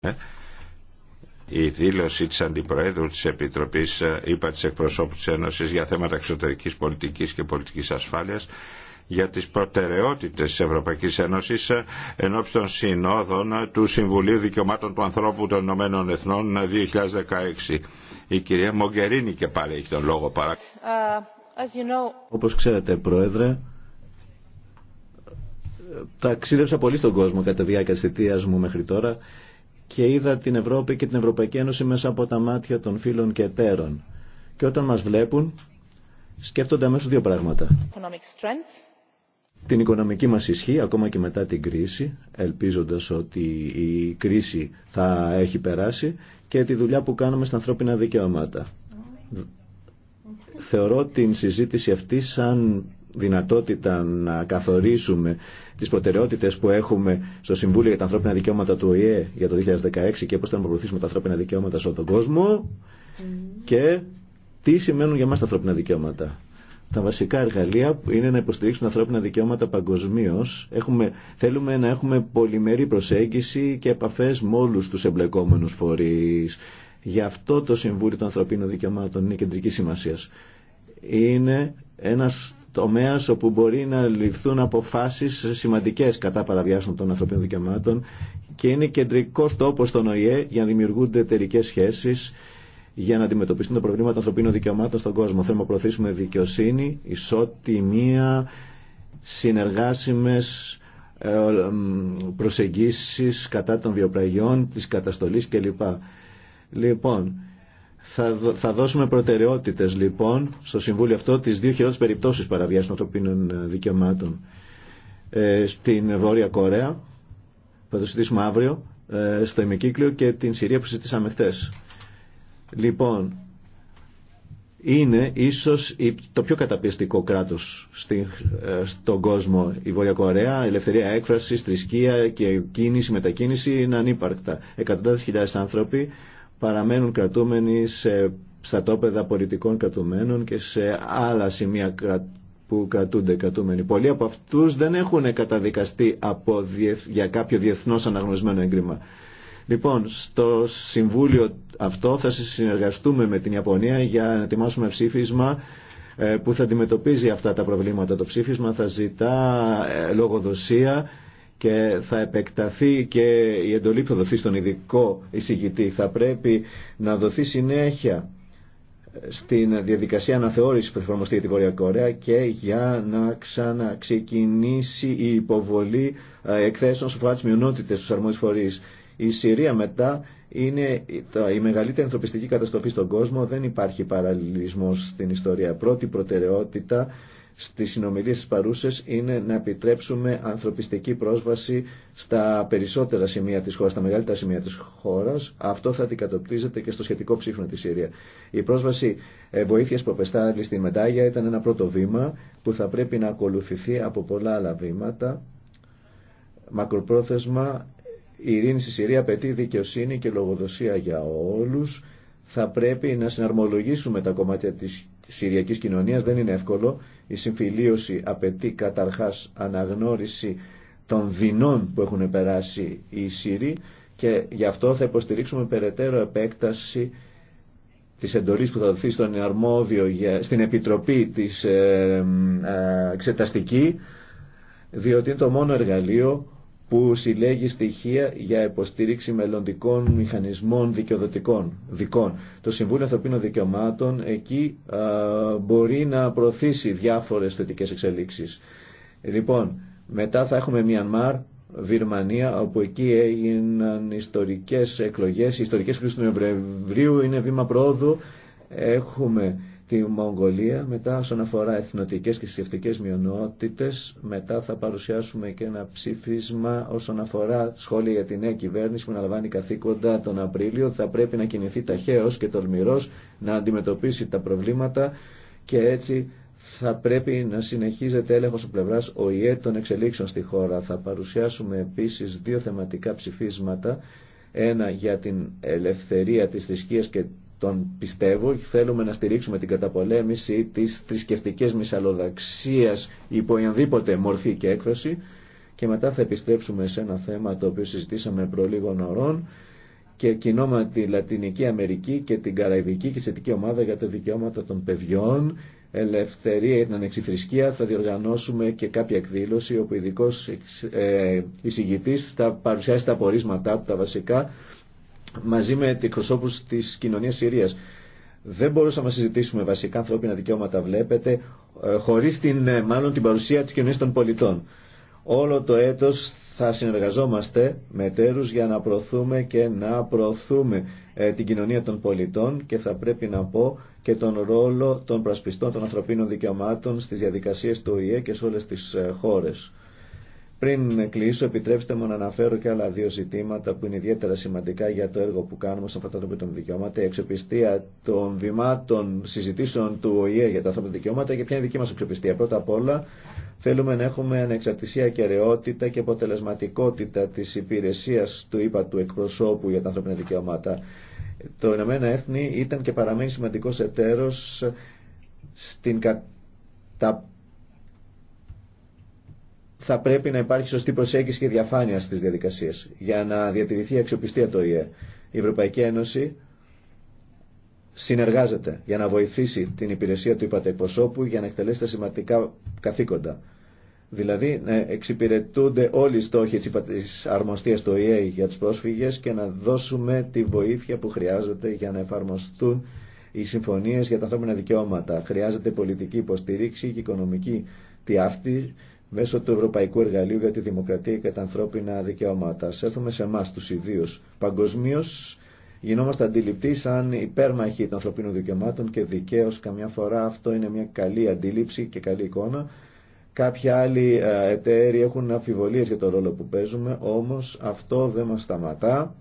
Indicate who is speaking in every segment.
Speaker 1: Ε, η δήλωση της Αντιπροέδρου της Επιτροπής ε, είπα τη εκπροσώπου τη Ένωσης για θέματα εξωτερικής πολιτικής και πολιτικής ασφάλειας για τις προτεραιότητες της Ευρωπαϊκής Ένωση ε, εν των συνόδων του Συμβουλίου Δικαιωμάτων του Ανθρώπου των Ηνωμένων Εθνών 2016. Η κυρία Μογκερίνη και πάλι έχει τον
Speaker 2: λόγο παρά. Όπω ξέρετε Πρόεδρε, ταξίδευσα πολύ στον κόσμο κατά τη διάρκεια της μου μέχρι τώρα και είδα την Ευρώπη και την Ευρωπαϊκή Ένωση μέσα από τα μάτια των φίλων και εταίρων. Και όταν μας βλέπουν, σκέφτονται αμέσως δύο πράγματα. Την οικονομική μας ισχύ, ακόμα και μετά την κρίση, ελπίζοντας ότι η κρίση θα έχει περάσει, και τη δουλειά που κάνουμε στα ανθρώπινα δικαιώματα. Mm. Θεωρώ την συζήτηση αυτή σαν δυνατότητα να καθορίσουμε τις προτεραιότητες που έχουμε στο Συμβούλιο για τα Ανθρώπινα Δικαιώματα του ΟΗΕ για το 2016 και πώς θα προωθήσουμε τα ανθρώπινα δικαιώματα σε όλο τον κόσμο και τι σημαίνουν για μας τα ανθρώπινα δικαιώματα. Τα βασικά εργαλεία είναι να υποστηρίξουν ανθρώπινα δικαιώματα παγκοσμίω. Θέλουμε να έχουμε πολυμερή προσέγγιση και επαφέ με όλου του εμπλεκόμενου φορεί. Γι' αυτό το Συμβούλιο των Ανθρωπίνων Δικαιωμάτων είναι κεντρική σημασία. Είναι ένας τομέας όπου μπορεί να ληφθούν αποφάσεις σημαντικές κατά παραβιάσεων των ανθρωπίνων δικαιωμάτων και είναι κεντρικός τόπος στον ΟΗΕ για να δημιουργούνται εταιρικέ σχέσεις για να αντιμετωπιστούν τα προβλήματα των ανθρωπίνων δικαιωμάτων στον κόσμο. Θέλουμε να προωθήσουμε δικαιοσύνη, ισότιμία, συνεργάσιμες ε, προσεγγίσεις κατά των βιοπραγιών, της καταστολής κλπ. Λοιπόν, θα, θα δώσουμε προτεραιότητε λοιπόν στο Συμβούλιο αυτό τι δύο χειρότερες περιπτώσεις παραβιάσεων ανθρωπίνων ε, δικαιωμάτων ε, στην Βόρεια Κορέα θα το συζητήσουμε αύριο ε, στο ημικύκλιο και την Συρία που συζητήσαμε χθε. Λοιπόν, είναι ίσω το πιο καταπιεστικό κράτος ε, στον κόσμο η Βόρεια Κορέα. Ελευθερία έκφραση, θρησκεία και κίνηση, μετακίνηση είναι ανύπαρκτα. Εκατοντάδε χιλιάδε άνθρωποι παραμένουν κρατούμενοι σε στατόπεδα πολιτικών κρατουμένων και σε άλλα σημεία που κρατούνται κρατούμενοι. Πολλοί από αυτούς δεν έχουν καταδικαστεί από για κάποιο διεθνώς αναγνωρισμένο έγκλημα. Λοιπόν, στο Συμβούλιο αυτό θα συνεργαστούμε με την Ιαπωνία για να ετοιμάσουμε ψήφισμα ε, που θα αντιμετωπίζει αυτά τα προβλήματα. Το ψήφισμα θα ζητά ε, λογοδοσία και θα επεκταθεί και η εντολή που θα δοθεί στον ειδικό εισηγητή. Θα πρέπει να δοθεί συνέχεια στην διαδικασία αναθεώρησης που θα εφαρμοστεί για τη Βόρεια Κορέα και για να ξαναξεκινήσει η υποβολή ε, εκθέσεων σε τη μειονότητες στους αρμόδιους φορείς. Η Συρία μετά είναι η μεγαλύτερη ανθρωπιστική καταστροφή στον κόσμο. Δεν υπάρχει παραλληλισμός στην ιστορία. Πρώτη προτεραιότητα στις συνομιλίες της παρούσες είναι να επιτρέψουμε ανθρωπιστική πρόσβαση στα περισσότερα σημεία της χώρας, στα μεγαλύτερα σημεία της χώρας. Αυτό θα αντικατοπτρίζεται και στο σχετικό ψήφισμα της Συρία. Η πρόσβαση ε, βοήθειας απεστάλλει στη Μετάγια ήταν ένα πρώτο βήμα που θα πρέπει να ακολουθηθεί από πολλά άλλα βήματα. Μακροπρόθεσμα, η ειρήνη στη Συρία απαιτεί δικαιοσύνη και λογοδοσία για όλους θα πρέπει να συναρμολογήσουμε τα κομμάτια της συριακής κοινωνίας, δεν είναι εύκολο η συμφιλίωση απαιτεί καταρχάς αναγνώριση των δεινών που έχουν περάσει οι Σύριοι και γι' αυτό θα υποστηρίξουμε περαιτέρω επέκταση της εντολής που θα δοθεί στον αρμόδιο, στην Επιτροπή της ε, ε, εξεταστική, διότι είναι το μόνο εργαλείο που συλλέγει στοιχεία για υποστήριξη μελλοντικών μηχανισμών δικαιοδοτικών, δικών. Το Συμβούλιο Ανθρωπίνων Δικαιωμάτων εκεί μπορεί να προωθήσει διάφορες θετικές εξελίξεις. Λοιπόν, μετά θα έχουμε Μιανμάρ, Βυρμανία, όπου εκεί έγιναν ιστορικές εκλογές, οι ιστορικές κρίσεις του Νοεμβρίου είναι βήμα πρόοδου. Έχουμε τη Μογγολία, μετά όσον αφορά εθνοτικές και συσκευτικές μειονότητες, μετά θα παρουσιάσουμε και ένα ψήφισμα όσον αφορά σχόλια για τη νέα κυβέρνηση που αναλαμβάνει καθήκοντα τον Απρίλιο, θα πρέπει να κινηθεί ταχαίως και τολμηρός να αντιμετωπίσει τα προβλήματα και έτσι θα πρέπει να συνεχίζεται έλεγχος ο πλευράς ΟΗΕ των εξελίξεων στη χώρα. Θα παρουσιάσουμε επίσης δύο θεματικά ψηφίσματα, ένα για την ελευθερία της θρησκείας και τον πιστεύω θέλουμε να στηρίξουμε την καταπολέμηση της θρησκευτική μυσαλλοδαξίας υπό ενδήποτε μορφή και έκφραση και μετά θα επιστρέψουμε σε ένα θέμα το οποίο συζητήσαμε προ λίγων ωρών και κοινό τη Λατινική Αμερική και την Καραϊβική και Σετική Ομάδα για τα Δικαιώματα των Παιδιών Ελευθερία ή την Ανεξιθρησκεία θα διοργανώσουμε και κάποια εκδήλωση όπου ειδικό ε, εισηγητής θα παρουσιάσει τα απορίσματα του τα βασικά μαζί με εκπροσώπους της κοινωνίας Συρίας. Δεν μπορούσαμε να συζητήσουμε βασικά ανθρώπινα δικαιώματα, βλέπετε, ε, χωρίς την, ε, μάλλον την παρουσία της κοινωνίας των πολιτών. Όλο το έτος θα συνεργαζόμαστε με τέρους για να προωθούμε και να προωθούμε ε, την κοινωνία των πολιτών και θα πρέπει να πω και τον ρόλο των πρασπιστών των ανθρωπίνων δικαιωμάτων στις διαδικασίες του ΟΗΕ και σε όλες τις χώρες. Πριν κλείσω, επιτρέψτε μου να αναφέρω και άλλα δύο ζητήματα που είναι ιδιαίτερα σημαντικά για το έργο που κάνουμε στον τα των δικαιώματα. Η αξιοπιστία των βημάτων συζητήσεων του ΟΗΕ για τα ανθρώπινα δικαιώματα και ποια είναι η δική μα αξιοπιστία. Πρώτα απ' όλα, θέλουμε να έχουμε ανεξαρτησία, κεραιότητα και αποτελεσματικότητα τη υπηρεσία του ΥΠΑ του εκπροσώπου για τα ανθρώπινα δικαιώματα. Το Ηνωμένα Έθνη ήταν και παραμένει σημαντικό εταίρο στην θα πρέπει να υπάρχει σωστή προσέγγιση και διαφάνεια στις διαδικασίες για να διατηρηθεί η αξιοπιστία το ΙΕ. Η Ευρωπαϊκή Ένωση συνεργάζεται για να βοηθήσει την υπηρεσία του είπατε εκπροσώπου για να εκτελέσει τα σημαντικά καθήκοντα. Δηλαδή να εξυπηρετούνται όλοι οι στόχοι της αρμοστίας του ΙΕ για τους πρόσφυγες και να δώσουμε τη βοήθεια που χρειάζεται για να εφαρμοστούν οι συμφωνίες για τα ανθρώπινα δικαιώματα. Χρειάζεται πολιτική υποστήριξη και οικονομική τη αυτή μέσω του Ευρωπαϊκού Εργαλείου για τη Δημοκρατία και τα Ανθρώπινα Δικαιώματα. Έρθουμε σε εμά του ιδίου. Παγκοσμίω γινόμαστε αντιληπτοί σαν υπέρμαχοι των ανθρωπίνων δικαιωμάτων και δικαίω καμιά φορά αυτό είναι μια καλή αντίληψη και καλή εικόνα. Κάποιοι άλλοι ε, εταίροι έχουν αμφιβολίε για το ρόλο που παίζουμε, όμω αυτό δεν μα σταματά.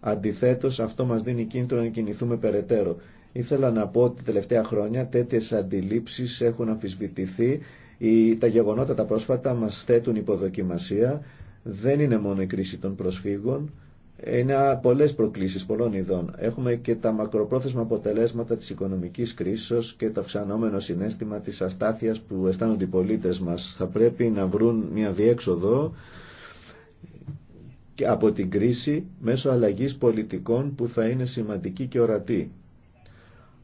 Speaker 2: Αντιθέτω, αυτό μα δίνει κίνητρο να κινηθούμε περαιτέρω. Ήθελα να πω ότι τελευταία χρόνια τέτοιε αντιλήψει έχουν αμφισβητηθεί η, τα γεγονότα τα πρόσφατα μας θέτουν υποδοκιμασία. Δεν είναι μόνο η κρίση των προσφύγων. Είναι πολλές προκλήσεις πολλών ειδών. Έχουμε και τα μακροπρόθεσμα αποτελέσματα της οικονομικής κρίσης και το αυξανόμενο συνέστημα της αστάθειας που αισθάνονται οι πολίτες μας. Θα πρέπει να βρουν μια διέξοδο από την κρίση μέσω αλλαγής πολιτικών που θα είναι σημαντική και ορατή.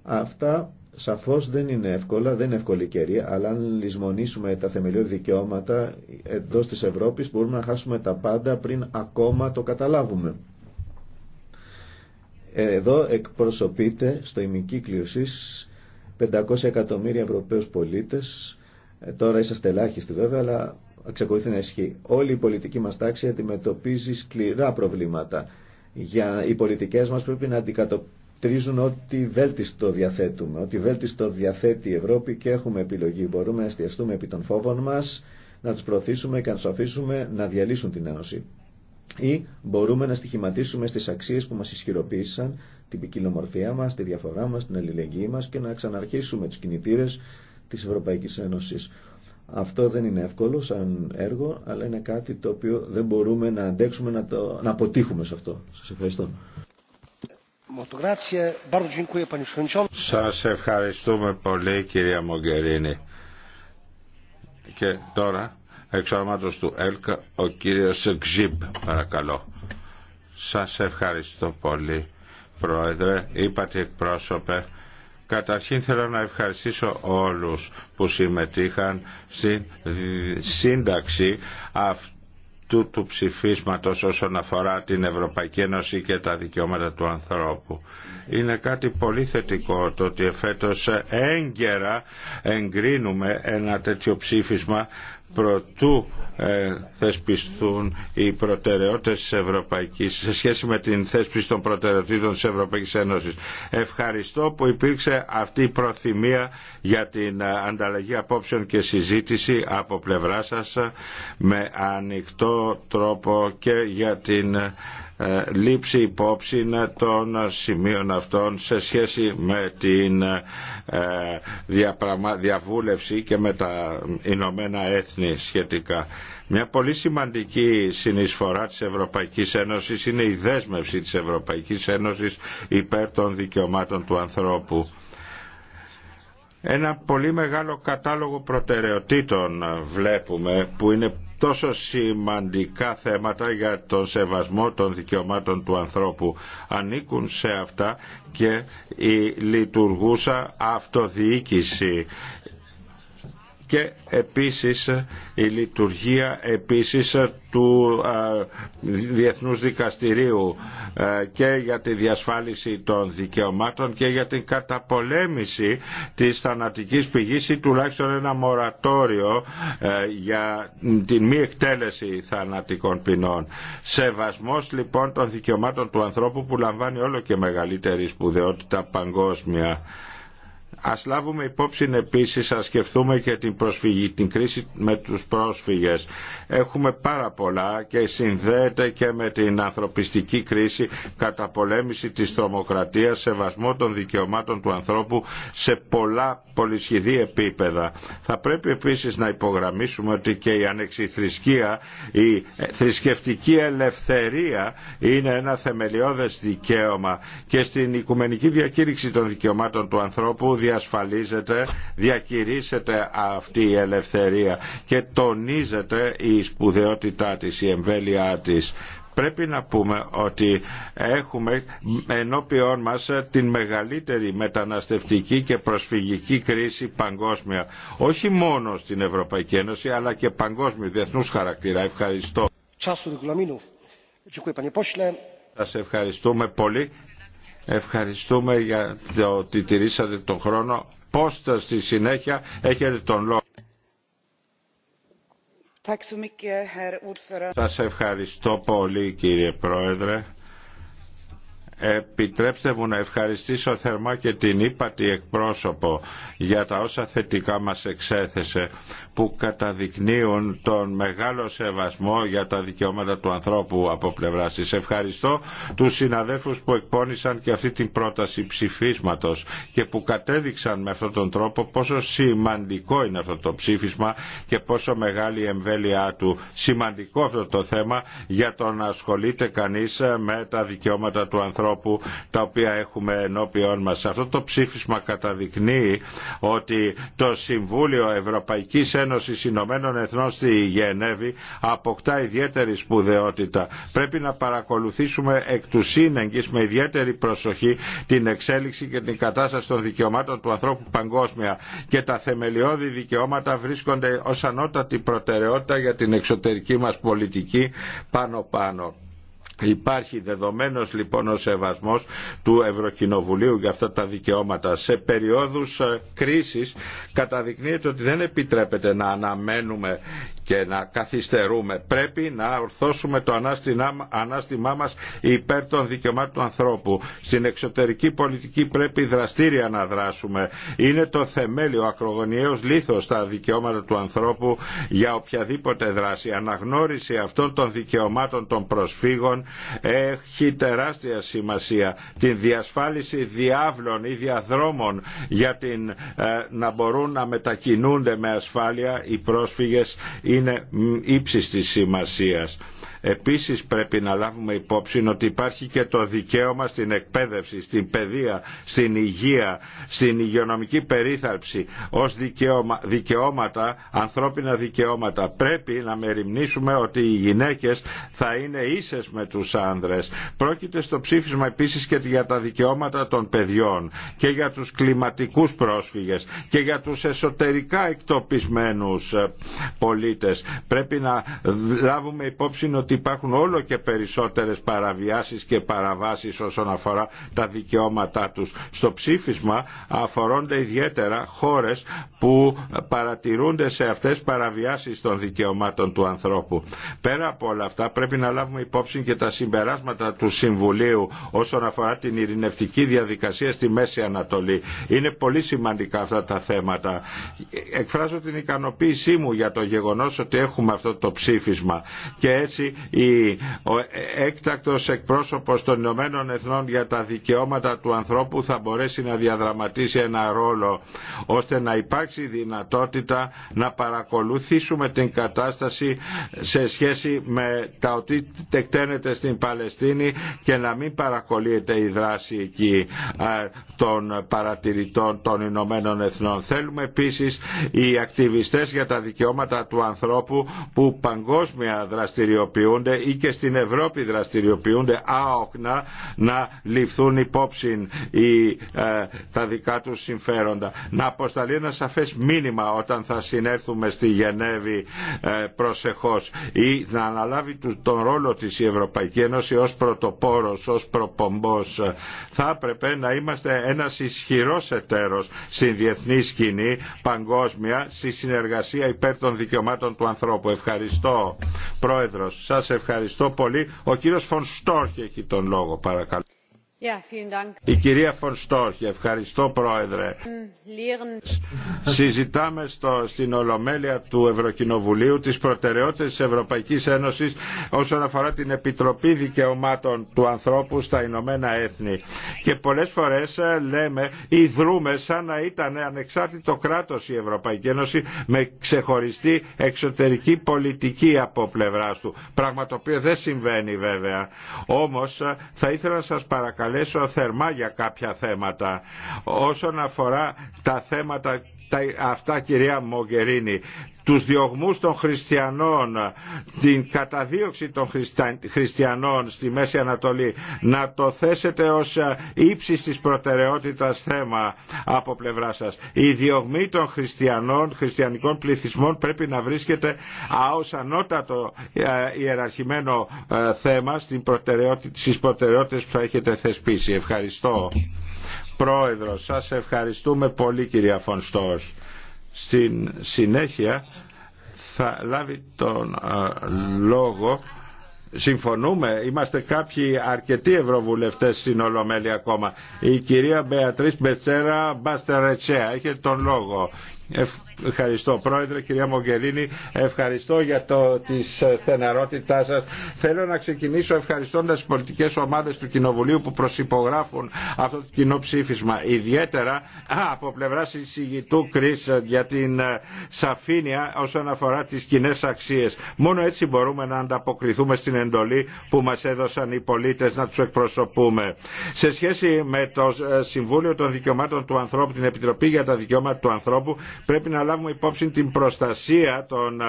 Speaker 2: Αυτά Σαφώς δεν είναι εύκολα, δεν είναι εύκολη καιρία, αλλά αν λησμονήσουμε τα θεμελιώδη δικαιώματα εντός της Ευρώπης μπορούμε να χάσουμε τα πάντα πριν ακόμα το καταλάβουμε. Εδώ εκπροσωπείται στο ημικύκλιο 500 εκατομμύρια Ευρωπαίους πολίτες. Ε, τώρα είσαστε ελάχιστοι βέβαια, αλλά εξακολουθεί να ισχύει. Όλη η πολιτική μας τάξη αντιμετωπίζει σκληρά προβλήματα. Για, οι πολιτικές μας πρέπει να αντικατοπτρίζουν στηρίζουν ότι βέλτιστο διαθέτουμε, ότι βέλτιστο διαθέτει η Ευρώπη και έχουμε επιλογή. Μπορούμε να εστιαστούμε επί των φόβων μας, να τους προωθήσουμε και να τους αφήσουμε να διαλύσουν την Ένωση. Ή μπορούμε να στοιχηματίσουμε στις αξίες που μας ισχυροποίησαν, την ποικιλομορφία μας, τη διαφορά μας, την αλληλεγγύη μας και να ξαναρχίσουμε τους κινητήρες της Ευρωπαϊκής Ένωσης. Αυτό δεν είναι εύκολο σαν έργο, αλλά είναι κάτι το οποίο δεν μπορούμε να αντέξουμε να, το, να αποτύχουμε σε αυτό. Σας ευχαριστώ.
Speaker 1: Σας ευχαριστούμε πολύ κυρία Μογκερίνη. Και τώρα, εξ του ΕΛΚΑ, ο κύριος Ξιμπ, παρακαλώ. Σας ευχαριστώ πολύ, Πρόεδρε, είπατε εκπρόσωπε. Καταρχήν θέλω να ευχαριστήσω όλους που συμμετείχαν στην σύνταξη αυτού του ψηφίσματος όσον αφορά την Ευρωπαϊκή Ένωση και τα δικαιώματα του ανθρώπου. Είναι κάτι πολύ θετικό το ότι εφέτος έγκαιρα εγκρίνουμε ένα τέτοιο ψήφισμα προτού ε, θεσπιστούν οι προτεραιότητες της Ευρωπαϊκής σε σχέση με την θέσπιση των προτεραιοτήτων της Ευρωπαϊκής Ένωσης. Ευχαριστώ που υπήρξε αυτή η προθυμία για την ε, ανταλλαγή απόψεων και συζήτηση από πλευρά σας ε, με ανοιχτό τρόπο και για την ε, λήψη υπόψη των σημείων αυτών σε σχέση με την ε, διαβούλευση και με τα Ηνωμένα Έθνη σχετικά. Μια πολύ σημαντική συνεισφορά της Ευρωπαϊκής Ένωσης είναι η δέσμευση της Ευρωπαϊκής Ένωσης υπέρ των δικαιωμάτων του ανθρώπου. Ένα πολύ μεγάλο κατάλογο προτεραιοτήτων βλέπουμε που είναι τόσο σημαντικά θέματα για τον σεβασμό των δικαιωμάτων του ανθρώπου ανήκουν σε αυτά και η λειτουργούσα αυτοδιοίκηση και επίσης η λειτουργία επίσης του Διεθνούς Δικαστηρίου και για τη διασφάλιση των δικαιωμάτων και για την καταπολέμηση της θανατικής πηγής ή τουλάχιστον ένα μορατόριο για την μη εκτέλεση θανατικών ποινών. Σεβασμός λοιπόν των δικαιωμάτων του ανθρώπου που λαμβάνει όλο και μεγαλύτερη σπουδαιότητα παγκόσμια. Ας λάβουμε υπόψη επίσης, ας σκεφτούμε και την, προσφυγή, την κρίση με τους πρόσφυγες. Έχουμε πάρα πολλά και συνδέεται και με την ανθρωπιστική κρίση, καταπολέμηση της τρομοκρατίας, σεβασμό των δικαιωμάτων του ανθρώπου σε πολλά πολυσχηδή επίπεδα. Θα πρέπει επίσης να υπογραμμίσουμε ότι και η ανεξιθρησκεία, η θρησκευτική ελευθερία είναι ένα θεμελιώδες δικαίωμα και στην Οικουμενική Διακήρυξη των Δικαιωμάτων του Ανθρώπου διασφαλίζεται, διακηρύσσεται αυτή η ελευθερία και τονίζεται η σπουδαιότητά της, η εμβέλειά της πρέπει να πούμε ότι έχουμε ενώπιόν μας την μεγαλύτερη μεταναστευτική και προσφυγική κρίση παγκόσμια. Όχι μόνο στην Ευρωπαϊκή Ένωση αλλά και παγκόσμιο διεθνούς χαρακτήρα. Ευχαριστώ. Σας ευχαριστούμε πολύ. Ευχαριστούμε για το ότι τηρήσατε τον χρόνο. Πώς στη συνέχεια έχετε τον λόγο. Σας ευχαριστώ πολύ κύριε Πρόεδρε. Επιτρέψτε μου να ευχαριστήσω θερμά και την ύπατη εκπρόσωπο για τα όσα θετικά μας εξέθεσε που καταδεικνύουν τον μεγάλο σεβασμό για τα δικαιώματα του ανθρώπου από πλευρά της. Ευχαριστώ τους συναδέλφους που εκπώνησαν και αυτή την πρόταση ψηφίσματος και που κατέδειξαν με αυτόν τον τρόπο πόσο σημαντικό είναι αυτό το ψήφισμα και πόσο μεγάλη η εμβέλειά του. Σημαντικό αυτό το θέμα για το να ασχολείται κανείς με τα δικαιώματα του ανθρώπου τα οποία έχουμε ενώπιόν μας. Αυτό το ψήφισμα καταδεικνύει ότι το Συμβούλιο Ευρωπαϊκής Ένωσης Ηνωμένων Εθνών στη Γενέβη αποκτά ιδιαίτερη σπουδαιότητα. Πρέπει να παρακολουθήσουμε εκ του σύνεγγυς με ιδιαίτερη προσοχή την εξέλιξη και την κατάσταση των δικαιωμάτων του ανθρώπου παγκόσμια και τα θεμελιώδη δικαιώματα βρίσκονται ως ανώτατη προτεραιότητα για την εξωτερική μας πολιτική πάνω πάνω. Υπάρχει δεδομένος λοιπόν ο σεβασμός του Ευρωκοινοβουλίου για αυτά τα δικαιώματα. Σε περιόδους ε, κρίσης καταδεικνύεται ότι δεν επιτρέπεται να αναμένουμε και να καθυστερούμε. Πρέπει να ορθώσουμε το ανάστημά μας υπέρ των δικαιωμάτων του ανθρώπου. Στην εξωτερική πολιτική πρέπει δραστήρια να δράσουμε. Είναι το θεμέλιο ακρογωνιαίος λίθος τα δικαιώματα του ανθρώπου για οποιαδήποτε δράση. Αναγνώριση αυτών των δικαιωμάτων των προσφύγων έχει τεράστια σημασία την διασφάλιση διάβλων ή διαδρόμων για την, ε, να μπορούν να μετακινούνται με ασφάλεια οι πρόσφυγες είναι ύψης της σημασίας. Επίσης πρέπει να λάβουμε υπόψη ότι υπάρχει και το δικαίωμα στην εκπαίδευση, στην παιδεία, στην υγεία, στην υγειονομική περίθαλψη ως δικαιώματα, ανθρώπινα δικαιώματα. Πρέπει να μεριμνήσουμε ότι οι γυναίκες θα είναι ίσες με τους άνδρες. Πρόκειται στο ψήφισμα επίσης και για τα δικαιώματα των παιδιών και για τους κλιματικούς πρόσφυγες και για τους εσωτερικά εκτοπισμένους πολίτες. Πρέπει να λάβουμε υπόψη ότι ότι υπάρχουν όλο και περισσότερες παραβιάσεις και παραβάσεις όσον αφορά τα δικαιώματά τους. Στο ψήφισμα αφορώνται ιδιαίτερα χώρες που παρατηρούνται σε αυτές παραβιάσεις των δικαιωμάτων του ανθρώπου. Πέρα από όλα αυτά πρέπει να λάβουμε υπόψη και τα συμπεράσματα του Συμβουλίου όσον αφορά την ειρηνευτική διαδικασία στη Μέση Ανατολή. Είναι πολύ σημαντικά αυτά τα θέματα. Εκφράζω την ικανοποίησή μου για το γεγονός ότι έχουμε αυτό το ψήφισμα και έτσι ο έκτακτος εκπρόσωπος των Ηνωμένων Εθνών για τα δικαιώματα του ανθρώπου θα μπορέσει να διαδραματίσει ένα ρόλο ώστε να υπάρξει δυνατότητα να παρακολουθήσουμε την κατάσταση σε σχέση με τα ότι τεκταίνεται στην Παλαιστίνη και να μην παρακολύεται η δράση εκεί των παρατηρητών των Ηνωμένων Εθνών. Θέλουμε επίσης οι ακτιβιστές για τα δικαιώματα του ανθρώπου που παγκόσμια δραστηριοποιούν δραστηριοποιούνται ή και στην Ευρώπη δραστηριοποιούνται άοχνα να ληφθούν υπόψη οι, ε, τα δικά τους συμφέροντα. Να αποσταλεί ένα σαφές μήνυμα όταν θα συνέρθουμε στη Γενέβη ε, προσεχώς ή να αναλάβει τον ρόλο της η Ευρωπαϊκή Ένωση ως πρωτοπόρος, ως προπομπός. Θα έπρεπε να είμαστε ένας ισχυρός εταίρος στην διεθνή σκηνή παγκόσμια στη συνεργασία υπέρ των δικαιωμάτων του ανθρώπου. Ευχαριστώ Πρόεδρος. Σας ευχαριστώ πολύ. Ο κύριος Φων έχει τον λόγο παρακαλώ. Η κυρία Φωνστόρχ, ευχαριστώ πρόεδρε. Συζητάμε στην Ολομέλεια του Ευρωκοινοβουλίου τις προτεραιότητες της Ευρωπαϊκής Ένωσης όσον αφορά την Επιτροπή Δικαιωμάτων του Ανθρώπου στα Ηνωμένα Έθνη. Και πολλές φορές ε, λέμε ή δρούμε σαν να ήταν ανεξάρτητο κράτος η Ευρωπαϊκή Ένωση με ξεχωριστή εξωτερική πολιτική από πλευρά του. Πράγμα το οποίο δεν συμβαίνει βέβαια. Όμως ε, θα ήθελα να σας καλέσω θερμά για κάποια θέματα όσον αφορά τα θέματα αυτά κυρία Μογκερίνη τους διωγμούς των χριστιανών, την καταδίωξη των χριστιανών στη Μέση Ανατολή, να το θέσετε ως ε, ύψης της προτεραιότητας θέμα από πλευρά σας. Η διωγμή των χριστιανών, χριστιανικών πληθυσμών πρέπει να βρίσκεται ως ανώτατο ε, ιεραρχημένο ε, θέμα στις προτεραιότητες που θα έχετε θεσπίσει. Ευχαριστώ. Πρόεδρος, σας ευχαριστούμε πολύ κυρία Φωνστόρ. Στην συνέχεια θα λάβει τον ε, λόγο συμφωνούμε, είμαστε κάποιοι αρκετοί ευρωβουλευτές στην Ολομέλεια ακόμα. Η κυρία Μπεατρίς Μπετσέρα Μπάστερετσέα, έχει τον λόγο. Ευχαριστώ Πρόεδρε, κυρία Μογγελίνη. Ευχαριστώ για το, τη ε, στεναρότητά σας. Θέλω να ξεκινήσω ευχαριστώντας τις πολιτικές ομάδες του Κοινοβουλίου που προσυπογράφουν αυτό το κοινό ψήφισμα. Ιδιαίτερα από πλευρά συζητού Κρίς ε, για την ε, σαφήνεια όσον αφορά τις κοινέ αξίες. Μόνο έτσι μπορούμε να ανταποκριθούμε στην εντολή που μας έδωσαν οι πολίτες να τους εκπροσωπούμε. Σε σχέση με το Συμβούλιο των Δικαιωμάτων του Ανθρώπου, την Επιτροπή για τα Δικαιώματα του Ανθρώπου, πρέπει να λάβουμε υπόψη την προστασία των ε,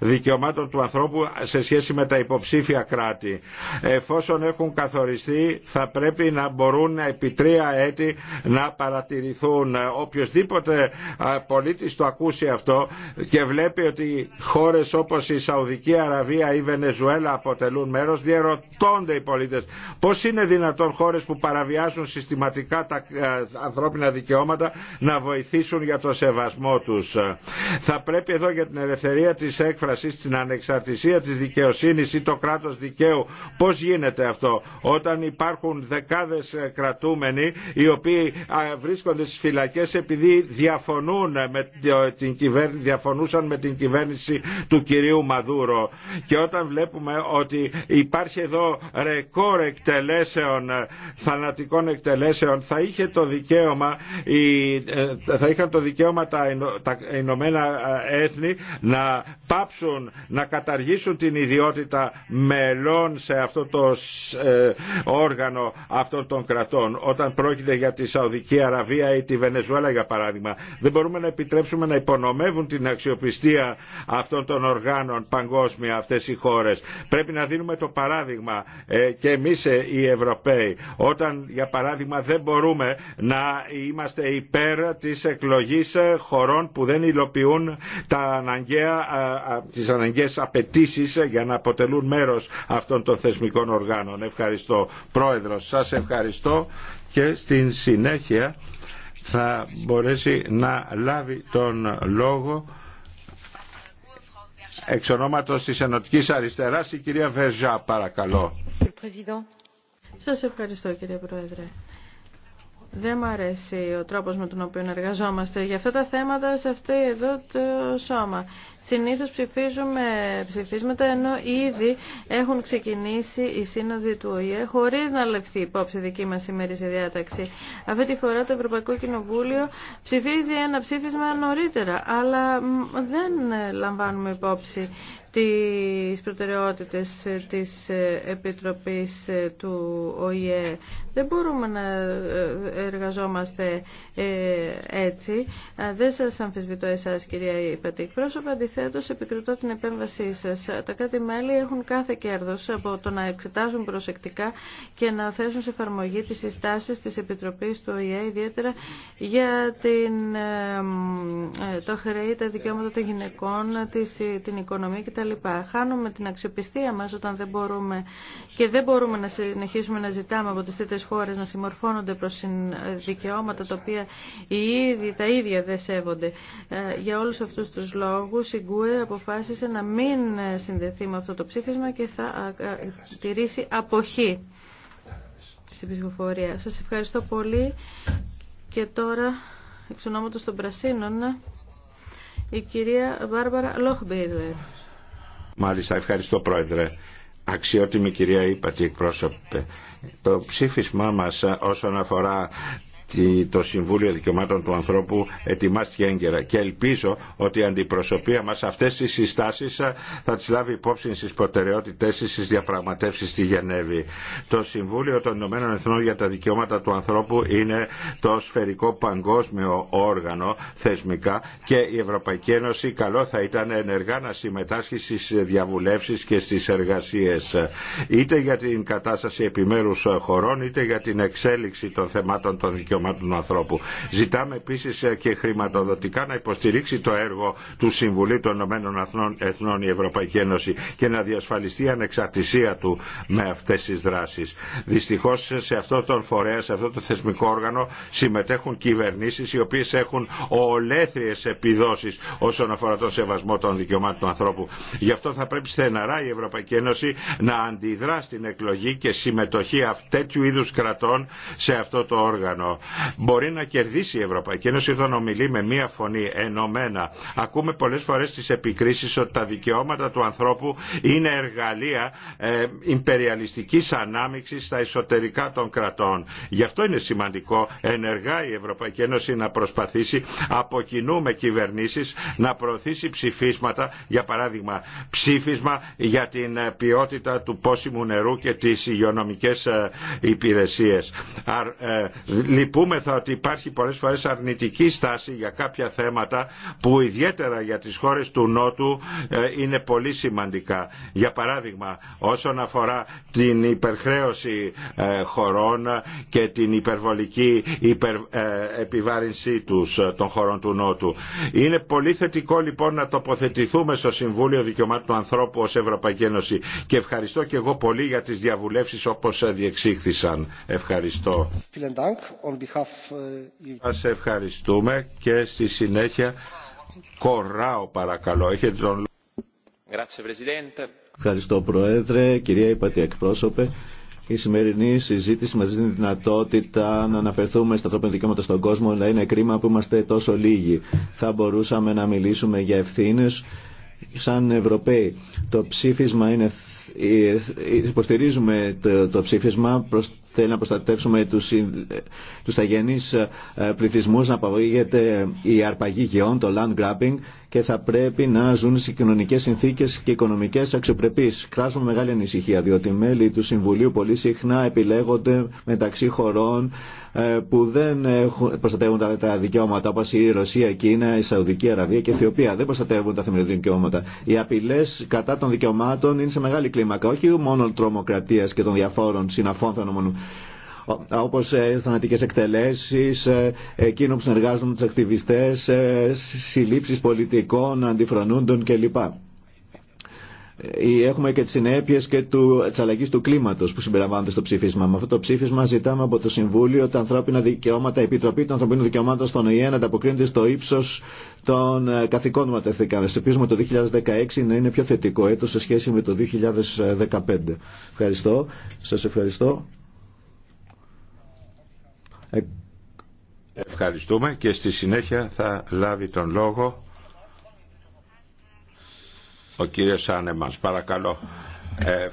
Speaker 1: δικαιωμάτων του ανθρώπου σε σχέση με τα υποψήφια κράτη. Εφόσον έχουν καθοριστεί θα πρέπει να μπορούν επί τρία έτη να παρατηρηθούν. Οποιοςδήποτε ε, πολίτης το ακούσει αυτό και βλέπει ότι χώρες όπως η Σαουδική Αραβία ή η Βενεζουέλα αποτελούν μέρος διαρωτώνται οι πολίτες πώς είναι δυνατόν χώρες που παραβιάζουν συστηματικά τα ε, ανθρώπινα δικαιώματα να βοηθήσουν για το σεβασμό τους. Θα πρέπει εδώ για την ελευθερία της έκφρασης, την ανεξαρτησία της δικαιοσύνης ή το κράτος δικαίου πώς γίνεται αυτό όταν υπάρχουν δεκάδες κρατούμενοι οι οποίοι βρίσκονται στις φυλακές επειδή διαφωνούν με την κυβέρνηση, διαφωνούσαν με την κυβέρνηση του κυρίου Μαδούρο και όταν βλέπουμε ότι υπάρχει εδώ ρεκόρ εκτελέσεων θανατικών εκτελέσεων θα είχε το ε, θα είχαν το δικαίωμα τα, Ηνωμένα Έθνη να πάψουν, να καταργήσουν την ιδιότητα μελών σε αυτό το ε, όργανο αυτών των κρατών. Όταν πρόκειται για τη Σαουδική Αραβία ή τη Βενεζουέλα για παράδειγμα. Δεν μπορούμε να επιτρέψουμε να υπονομεύουν την αξιοπιστία αυτών των οργάνων παγκόσμια αυτές οι χώρες. Πρέπει να δίνουμε το παράδειγμα ε, και εμείς ε, οι Ευρωπαίοι. Όταν για παράδειγμα δεν μπορούμε να είμαστε υπέρ της εκλογής χωρών που δεν δεν υλοποιούν τα αναγκαία, τις αναγκαίες απαιτήσεις για να αποτελούν μέρος αυτών των θεσμικών οργάνων. Ευχαριστώ Πρόεδρος, σας ευχαριστώ και στην συνέχεια θα μπορέσει να λάβει τον λόγο εξ ονόματος της Ενωτικής Αριστεράς η κυρία Βεζά παρακαλώ.
Speaker 3: Σας ευχαριστώ κύριε Πρόεδρε. Δεν μου αρέσει ο τρόπος με τον οποίο εργαζόμαστε για αυτά τα θέματα σε αυτή εδώ το σώμα. Συνήθως ψηφίζουμε ψηφίσματα ενώ ήδη έχουν ξεκινήσει οι σύνοδοι του ΟΗΕ χωρίς να λεφθεί υπόψη δική μας σε διάταξη. Αυτή τη φορά το Ευρωπαϊκό Κοινοβούλιο ψηφίζει ένα ψήφισμα νωρίτερα, αλλά δεν λαμβάνουμε υπόψη τις προτεραιότητες της Επιτροπής του ΟΗΕ. Δεν μπορούμε να εργαζόμαστε ε, έτσι. Δεν σας αμφισβητώ εσάς κυρία Υπατή. Πρόσωπα αντιθέτως επικριτώ την επέμβασή σας. Τα κράτη-μέλη έχουν κάθε κέρδος από το να εξετάζουν προσεκτικά και να θέσουν σε εφαρμογή τις συστάσεις της Επιτροπής του ΟΗΕ, ιδιαίτερα για την, ε, ε, το χρέη, τα δικαιώματα των γυναικών, την οικονομία κτλ κτλ. Χάνουμε την αξιοπιστία μας όταν δεν μπορούμε και δεν μπορούμε να συνεχίσουμε να ζητάμε από τις τρίτες χώρες να συμμορφώνονται προς δικαιώματα τα οποία οι τα ίδια δεν σέβονται. Ε, για όλους αυτούς τους λόγους η Γκουε αποφάσισε να μην συνδεθεί με αυτό το ψήφισμα και θα τηρήσει αποχή στην ψηφοφορία. Σας ευχαριστώ πολύ και τώρα εξ ονόματος των Πρασίνων η κυρία Βάρβαρα Λόχμπιλερ.
Speaker 1: Μάλιστα, ευχαριστώ Πρόεδρε. Αξιότιμη κυρία Ήπατη εκπρόσωπε, το ψήφισμά μας ε, όσον αφορά το Συμβούλιο Δικαιωμάτων του Ανθρώπου ετοιμάστηκε έγκαιρα και ελπίζω ότι η αντιπροσωπεία μας αυτές τις συστάσεις θα τις λάβει υπόψη στις προτεραιότητές της στις διαπραγματεύσεις στη Γενέβη. Το Συμβούλιο των Ηνωμένων Εθνών για τα Δικαιώματα του Ανθρώπου είναι το σφαιρικό παγκόσμιο όργανο θεσμικά και η Ευρωπαϊκή Ένωση καλό θα ήταν ενεργά να συμμετάσχει στις διαβουλεύσεις και στις εργασίες είτε για την κατάσταση επιμέρους χωρών είτε για την εξέλιξη των θεμάτων των δικαιωμάτων του ανθρώπου. Ζητάμε επίση ε, και χρηματοδοτικά να υποστηρίξει το έργο του Συμβουλίου των Ηνωμένων Εθνών η Ευρωπαϊκή Ένωση και να διασφαλιστεί η ανεξαρτησία του με αυτέ τι δράσει. Δυστυχώ σε αυτό τον φορέα, σε αυτό το θεσμικό όργανο συμμετέχουν κυβερνήσει οι οποίε έχουν ολέθριε επιδόσει όσον αφορά τον σεβασμό των δικαιωμάτων του ανθρώπου. Γι' αυτό θα πρέπει στεναρά η Ευρωπαϊκή Ένωση να αντιδρά στην εκλογή και συμμετοχή τέτοιου είδους κρατών σε αυτό το όργανο. Μπορεί να κερδίσει η Ευρωπαϊκή Ένωση όταν μιλεί με μία φωνή ενωμένα. Ακούμε πολλές φορές τις επικρίσεις ότι τα δικαιώματα του ανθρώπου είναι εργαλεία ε, υπεριαλιστικής ανάμειξης στα εσωτερικά των κρατών. Γι' αυτό είναι σημαντικό ενεργά η Ευρωπαϊκή Ένωση να προσπαθήσει από κοινού κυβερνήσεις να προωθήσει ψηφίσματα, για παράδειγμα ψήφισμα για την ε, ποιότητα του πόσιμου νερού και τι υγειονομικέ ε, υπηρεσίε λυπούμεθα ότι υπάρχει πολλές φορές αρνητική στάση για κάποια θέματα που ιδιαίτερα για τις χώρες του Νότου ε, είναι πολύ σημαντικά. Για παράδειγμα, όσον αφορά την υπερχρέωση ε, χωρών και την υπερβολική ε, επιβάρυνσή τους των χωρών του Νότου. Είναι πολύ θετικό λοιπόν να τοποθετηθούμε στο Συμβούλιο Δικαιωμάτων του Ανθρώπου ως Ευρωπαϊκή Ένωση και ευχαριστώ και εγώ πολύ για τις διαβουλεύσεις όπως διεξήχθησαν. Ευχαριστώ. Uh, Σας ευχαριστούμε και στη συνέχεια κοράω παρακαλώ. Έχετε τον
Speaker 2: Ευχαριστώ Πρόεδρε, κυρία Υπατή Εκπρόσωπε. Η σημερινή συζήτηση μας δίνει δυνατότητα να αναφερθούμε στα ανθρώπινα δικαιώματα στον κόσμο, αλλά είναι κρίμα που είμαστε τόσο λίγοι. Θα μπορούσαμε να μιλήσουμε για ευθύνε σαν Ευρωπαίοι. Το ψήφισμα είναι υποστηρίζουμε το, ψήφισμα προς θέλει να προστατεύσουμε τους, τους ταγενείς ε, πληθυσμούς, να απαγωγείται η αρπαγή γεών, το land grabbing και θα πρέπει να ζουν σε κοινωνικέ συνθήκε και οικονομικέ αξιοπρεπεί. Κράζουμε μεγάλη ανησυχία, διότι μέλη του Συμβουλίου πολύ συχνά επιλέγονται μεταξύ χωρών ε, που δεν έχουν, προστατεύουν τα, δικαιώματα, όπω η Ρωσία, η Κίνα, η Σαουδική Αραβία και η Αιθιοπία. Δεν προστατεύουν τα θεμελιώδη δικαιώματα. Οι απειλέ κατά των δικαιωμάτων είναι σε μεγάλη κλίμακα, όχι μόνο τρομοκρατία και των διαφόρων συναφών φαινόμενων όπω ε, θανατικέ εκτελέσει, ε, εκείνο που συνεργάζονται με του ακτιβιστέ, ε, συλλήψει πολιτικών, αντιφρονούντων κλπ. Έχουμε και τι συνέπειε και τη αλλαγή του κλίματο που συμπεριλαμβάνονται στο ψήφισμα. Με αυτό το ψήφισμα ζητάμε από το Συμβούλιο τα ανθρώπινα δικαιώματα, η Επιτροπή των Ανθρωπίνων Δικαιωμάτων στον ΟΗΕ να ανταποκρίνεται στο ύψο των καθηκών μα τεθήκαν. Ελπίζουμε το 2016 να είναι πιο θετικό έτος σε σχέση με το 2015. Ευχαριστώ. Σας ευχαριστώ.
Speaker 1: Ευχαριστούμε και στη συνέχεια θα λάβει τον λόγο ο κύριος Άνεμας. Παρακαλώ. Ε,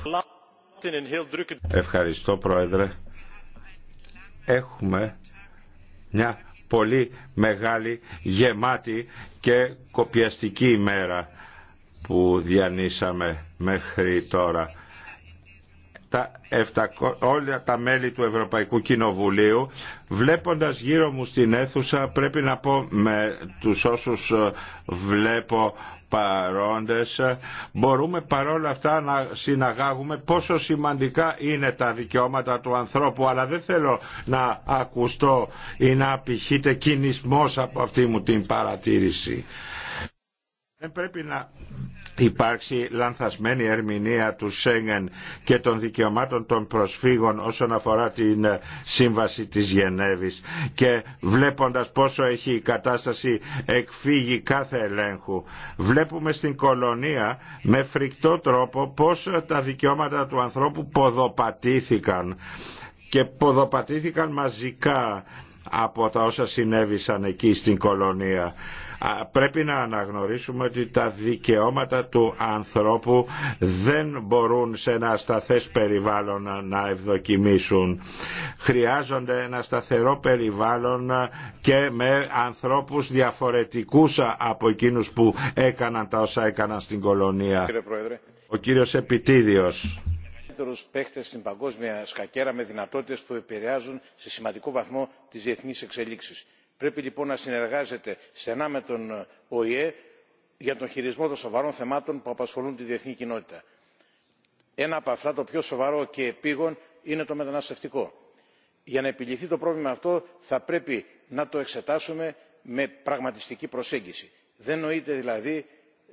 Speaker 1: ευχαριστώ Πρόεδρε. Έχουμε μια πολύ μεγάλη, γεμάτη και κοπιαστική ημέρα που διανύσαμε μέχρι τώρα τα 700, όλα τα μέλη του Ευρωπαϊκού Κοινοβουλίου. Βλέποντας γύρω μου στην αίθουσα πρέπει να πω με τους όσους ε, βλέπω παρόντες ε, μπορούμε παρόλα αυτά να συναγάγουμε πόσο σημαντικά είναι τα δικαιώματα του ανθρώπου αλλά δεν θέλω να ακουστώ ή να απηχείτε κινησμός από αυτή μου την παρατήρηση. Δεν πρέπει να υπάρξει λανθασμένη ερμηνεία του Σέγγεν και των δικαιωμάτων των προσφύγων όσον αφορά την ε, σύμβαση της Γενέβης και βλέποντας πόσο έχει η κατάσταση εκφύγει κάθε ελέγχου βλέπουμε στην κολονία με φρικτό τρόπο πως τα δικαιώματα του ανθρώπου ποδοπατήθηκαν και ποδοπατήθηκαν μαζικά από τα όσα συνέβησαν εκεί στην κολονία. Πρέπει να αναγνωρίσουμε ότι τα δικαιώματα του ανθρώπου δεν μπορούν σε ένα σταθές περιβάλλον να ευδοκιμήσουν. Χρειάζονται ένα σταθερό περιβάλλον και με ανθρώπους διαφορετικούς από εκείνους που έκαναν τα όσα έκαναν στην κολονία. Κύριε Πρόεδρε. Ο κύριος Επιτίδιος
Speaker 4: μεγαλύτερου παίχτε στην παγκόσμια σκακέρα με δυνατότητε που επηρεάζουν σε σημαντικό βαθμό τι διεθνεί εξελίξει. πρέπει λοιπόν να συνεργάζεται στενά με τον οηε για τον χειρισμό των σοβαρών θεμάτων που απασχολούν τη διεθνή κοινότητα. ένα από αυτά το πιο σοβαρό και επίγον είναι το μεταναστευτικό. για να επιληθεί το πρόβλημα αυτό θα πρέπει να το εξετάσουμε με πραγματιστική προσέγγιση. δεν νοείται δηλαδή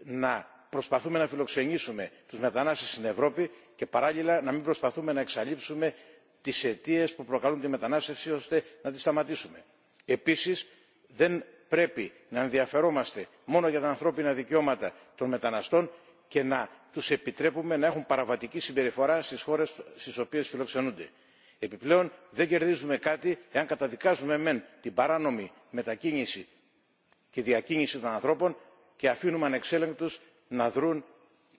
Speaker 4: να προσπαθούμε να φιλοξενήσουμε τους μετανάστες στην ευρώπη και παράλληλα να μην προσπαθούμε να εξαλείψουμε τις αιτίες που προκαλούν τη μετανάστευση ώστε να τη σταματήσουμε. επίσης δεν πρέπει να ενδιαφερόμαστε μόνο για τα ανθρώπινα δικαιώματα των μεταναστών και να τους επιτρέπουμε να έχουν παραβατική συμπεριφορά στις χώρες στις οποίες φιλοξενούνται. επιπλέον δεν κερδίζουμε κάτι εάν καταδικάζουμε μεν την παράνομη μετακίνηση και διακίνηση των ανθρώπων και αφήνουμε ανεξέλεγκτους να δρουν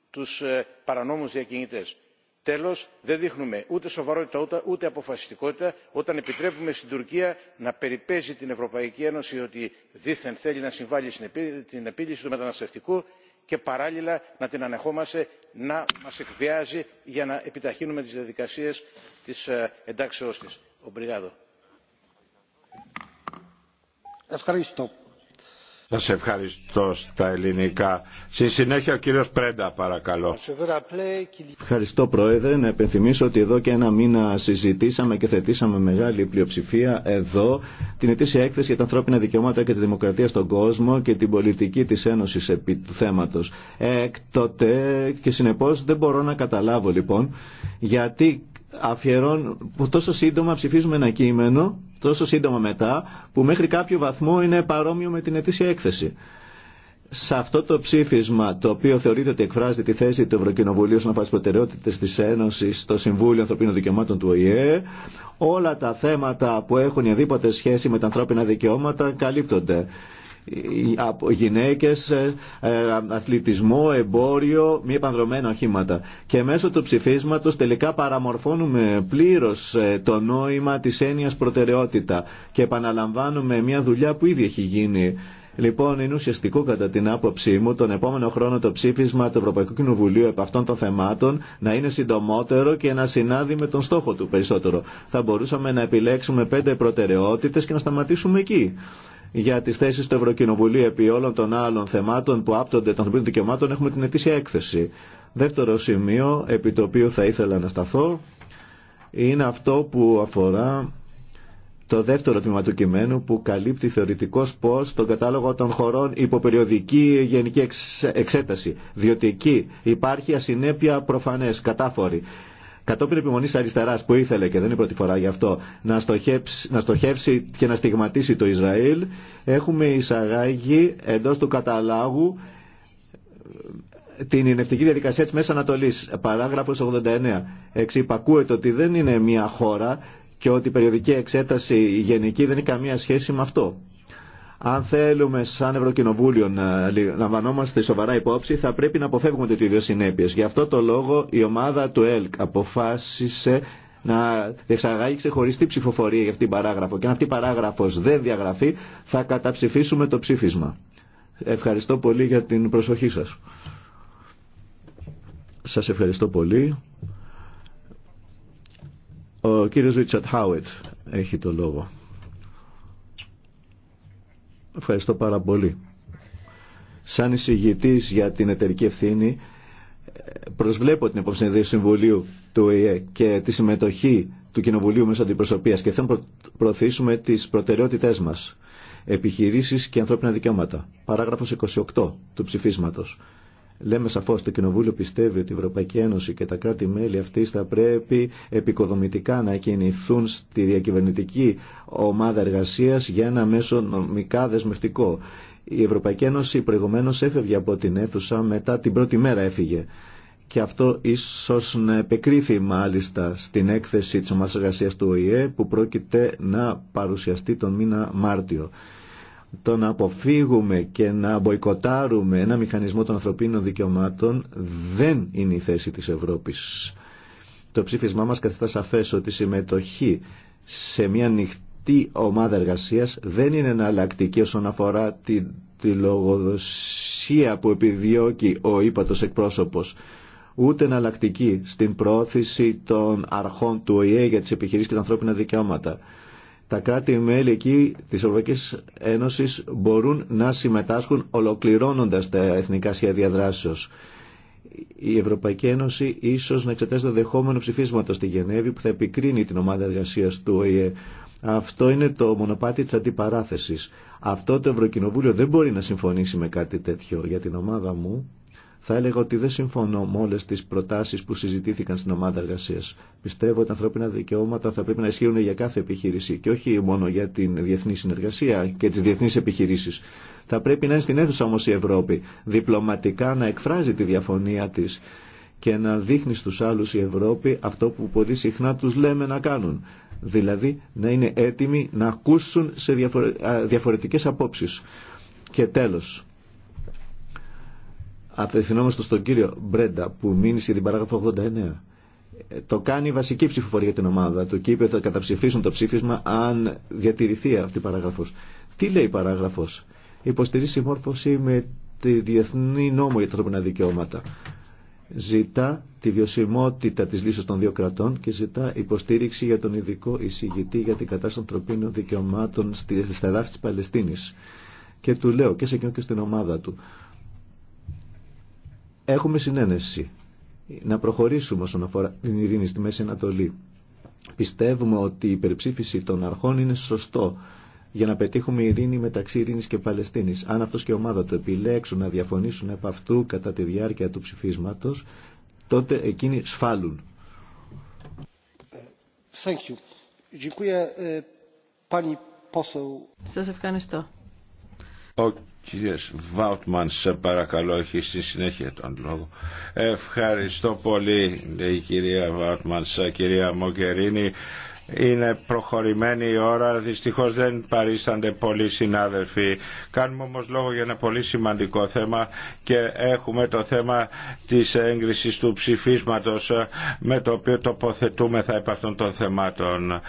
Speaker 4: τους ε, παρανόμους διακινητές τέλος δεν δείχνουμε ούτε σοβαρότητα ούτε αποφασιστικότητα όταν επιτρέπουμε στην τουρκία να περιπέζει την ευρωπαϊκή ένωση ότι δήθεν θέλει να συμβάλει στην επίλυση του μεταναστευτικού και παράλληλα να την ανεχόμαστε να μας εκβιάζει για να επιταχύνουμε τις διαδικασίες της ε, εντάξεώς της.
Speaker 1: Σας ευχαριστώ στα ελληνικά. Στη συνέχεια ο κύριος Πρέντα παρακαλώ.
Speaker 2: Ευχαριστώ Πρόεδρε. Να επενθυμίσω ότι εδώ και ένα μήνα συζητήσαμε και θετήσαμε μεγάλη πλειοψηφία εδώ την ετήσια έκθεση για τα ανθρώπινα δικαιώματα και τη δημοκρατία στον κόσμο και την πολιτική της Ένωσης επί του θέματος. Έκτοτε και συνεπώς δεν μπορώ να καταλάβω λοιπόν γιατί αφιερών, που τόσο σύντομα ψηφίζουμε ένα κείμενο, τόσο σύντομα μετά, που μέχρι κάποιο βαθμό είναι παρόμοιο με την ετήσια έκθεση. Σε αυτό το ψήφισμα, το οποίο θεωρείται ότι εκφράζει τη θέση του Ευρωκοινοβουλίου όσον αφορά τι προτεραιότητε τη Ένωση στο Συμβούλιο Ανθρωπίνων Δικαιωμάτων του ΟΗΕ, όλα τα θέματα που έχουν οδήποτε σχέση με τα ανθρώπινα δικαιώματα καλύπτονται από γυναίκες, ε, ε, αθλητισμό, εμπόριο, μη επανδρομένα οχήματα. Και μέσω του ψηφισματο τελικά παραμορφώνουμε πλήρως ε, το νόημα της έννοιας προτεραιότητα και επαναλαμβάνουμε μια δουλειά που ήδη έχει γίνει. Λοιπόν, είναι ουσιαστικό κατά την άποψή μου τον επόμενο χρόνο το ψήφισμα του Ευρωπαϊκού Κοινοβουλίου επ' αυτών των θεμάτων να είναι συντομότερο και να συνάδει με τον στόχο του περισσότερο. Θα μπορούσαμε να επιλέξουμε πέντε προτεραιότητες και να σταματήσουμε εκεί για τις θέσει του Ευρωκοινοβουλίου επί όλων των άλλων θεμάτων που άπτονται των ανθρωπίνων δικαιωμάτων έχουμε την ετήσια έκθεση. Δεύτερο σημείο επί το οποίο θα ήθελα να σταθώ είναι αυτό που αφορά το δεύτερο τμήμα του κειμένου που καλύπτει θεωρητικό πώ τον κατάλογο των χωρών υποπεριοδική γενική εξέταση. Διότι εκεί υπάρχει ασυνέπεια προφανέ, κατάφορη κατόπιν επιμονή αριστερά που ήθελε και δεν είναι η πρώτη φορά γι' αυτό να στοχεύσει, να στοχεύσει και να στιγματίσει το Ισραήλ, έχουμε εισαγάγει εντό του καταλάγου ε, την ενευτική διαδικασία τη Μέση Ανατολή. παράγραφος 89, εξυπακούεται ότι δεν είναι μια χώρα και ότι η περιοδική εξέταση η γενική δεν έχει καμία σχέση με αυτό. Αν θέλουμε σαν Ευρωκοινοβούλιο να λαμβανόμαστε σοβαρά υπόψη, θα πρέπει να αποφεύγουμε τέτοιου είδου συνέπειε. Γι' αυτό το λόγο η ομάδα του ΕΛΚ αποφάσισε να διεξαγάγει ξεχωριστή ψηφοφορία για αυτήν την παράγραφο. Και αν αυτή η παράγραφο δεν διαγραφεί, θα καταψηφίσουμε το ψήφισμα. Ευχαριστώ πολύ για την προσοχή σα. Σα ευχαριστώ πολύ. Ο κύριος Ρίτσαρτ Χάουιτ έχει το λόγο. Ευχαριστώ πάρα πολύ. Σαν εισηγητή για την εταιρική ευθύνη, προσβλέπω την επόμενη του Συμβουλίου του ΟΗΕ και τη συμμετοχή του Κοινοβουλίου μέσω αντιπροσωπεία και θέλω να προωθήσουμε τι προτεραιότητέ μα. Επιχειρήσει και ανθρώπινα δικαιώματα. Παράγραφο 28 του ψηφίσματο. Λέμε σαφώ, το Κοινοβούλιο πιστεύει ότι η Ευρωπαϊκή Ένωση και τα κράτη-μέλη αυτή θα πρέπει επικοδομητικά να κινηθούν στη διακυβερνητική ομάδα εργασία για ένα μέσο νομικά δεσμευτικό. Η Ευρωπαϊκή Ένωση προηγουμένω έφευγε από την αίθουσα, μετά την πρώτη μέρα έφυγε. Και αυτό ίσω να επεκρίθη μάλιστα στην έκθεση τη ομάδα εργασία του ΟΗΕ που πρόκειται να παρουσιαστεί τον μήνα Μάρτιο το να αποφύγουμε και να μποϊκοτάρουμε ένα μηχανισμό των ανθρωπίνων δικαιωμάτων δεν είναι η θέση της Ευρώπης. Το ψήφισμά μας καθιστά σαφές ότι η συμμετοχή σε μια ανοιχτή ομάδα εργασίας δεν είναι εναλλακτική όσον αφορά τη, λογοδοσία που επιδιώκει ο ύπατος εκπρόσωπος ούτε εναλλακτική στην πρόθεση των αρχών του ΟΗΕ για τις επιχειρήσεις και τα ανθρώπινα δικαιώματα τα κράτη-μέλη εκεί της Ευρωπαϊκής Ένωσης μπορούν να συμμετάσχουν ολοκληρώνοντας τα εθνικά σχέδια δράσεως. Η Ευρωπαϊκή Ένωση ίσως να εξετάσει το δεχόμενο ψηφίσματο στη Γενέβη που θα επικρίνει την ομάδα εργασίας του ΟΗΕ. Αυτό είναι το μονοπάτι της αντιπαράθεσης. Αυτό το Ευρωκοινοβούλιο δεν μπορεί να συμφωνήσει με κάτι τέτοιο για την ομάδα μου θα έλεγα ότι δεν συμφωνώ με όλε τι προτάσει που συζητήθηκαν στην ομάδα εργασία. Πιστεύω ότι τα ανθρώπινα δικαιώματα θα πρέπει να ισχύουν για κάθε επιχείρηση και όχι μόνο για την διεθνή συνεργασία και τι διεθνεί επιχειρήσει. Θα πρέπει να είναι στην αίθουσα όμω η Ευρώπη, διπλωματικά να εκφράζει τη διαφωνία τη και να δείχνει στους άλλους η Ευρώπη αυτό που πολύ συχνά τους λέμε να κάνουν. Δηλαδή να είναι έτοιμοι να ακούσουν σε διαφορετικές απόψεις. Και τέλος, Απευθυνόμαστε στον κύριο Μπρέντα που σε την παράγραφο 89. Ε, το κάνει η βασική ψηφοφορία για την ομάδα του και είπε ότι θα καταψηφίσουν το ψήφισμα αν διατηρηθεί αυτή η παράγραφό. Τι λέει η παράγραφος. Υποστηρίζει συμμόρφωση με τη Διεθνή Νόμο για τα Ανθρώπινα Δικαιώματα. Ζητά τη βιωσιμότητα τη λύση των δύο κρατών και ζητά υποστήριξη για τον ειδικό εισηγητή για την κατάσταση των ανθρωπίνων δικαιωμάτων στη εδάφη τη Παλαιστίνη. Και του λέω και σε εκείνο και στην ομάδα του Έχουμε συνένεση να προχωρήσουμε όσον αφορά την ειρήνη στη Μέση Ανατολή. Πιστεύουμε ότι η υπερψήφιση των αρχών είναι σωστό για να πετύχουμε ειρήνη μεταξύ ειρήνης και Παλαιστίνης. Αν αυτός και η ομάδα του επιλέξουν να διαφωνήσουν επ' αυτού κατά τη διάρκεια του ψηφίσματος, τότε εκείνοι σφάλουν.
Speaker 4: Thank you.
Speaker 3: Ε, Σας ευχαριστώ.
Speaker 2: Κυρίες
Speaker 1: Βάουτμαν, σε παρακαλώ, έχει στη συνέχεια τον λόγο. Ευχαριστώ πολύ, λέει η κυρία Βάουτμαν, κυρία Μογκερίνη. Είναι προχωρημένη η ώρα, δυστυχώς δεν παρίστανται πολλοί συνάδελφοι. Κάνουμε όμως λόγο για ένα πολύ σημαντικό θέμα και έχουμε το θέμα της έγκρισης του ψηφίσματος με το οποίο τοποθετούμεθα επ' αυτών των θεμάτων. Ε,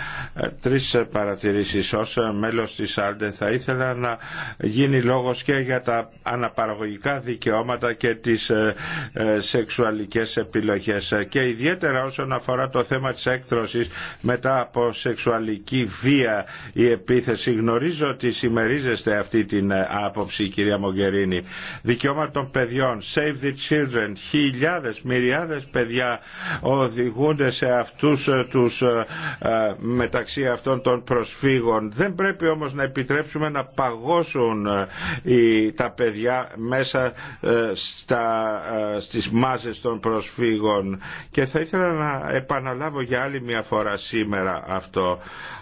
Speaker 1: τρεις παρατηρήσεις ως μέλος της ΑΛΤΕ θα ήθελα να γίνει λόγος και για τα αναπαραγωγικά δικαιώματα και τις ε, ε, σεξουαλικές επιλογές και ιδιαίτερα όσον αφορά το θέμα της έκθρωσης μετά από σεξουαλική βία η επίθεση. Γνωρίζω ότι συμμερίζεστε αυτή την ε, άποψη κυρία Μογκερίνη. Δικαιώματα των παιδιών, Save the Children, χιλιάδες, μυριάδες παιδιά οδηγούνται σε αυτούς ε, τους ε, μεταξύ αυτών των προσφύγων. Δεν πρέπει όμως να επιτρέψουμε να παγώσουν τα παιδιά μέσα στα, στις μάζες των προσφύγων και θα ήθελα να επαναλάβω για άλλη μια φορά σήμερα αυτό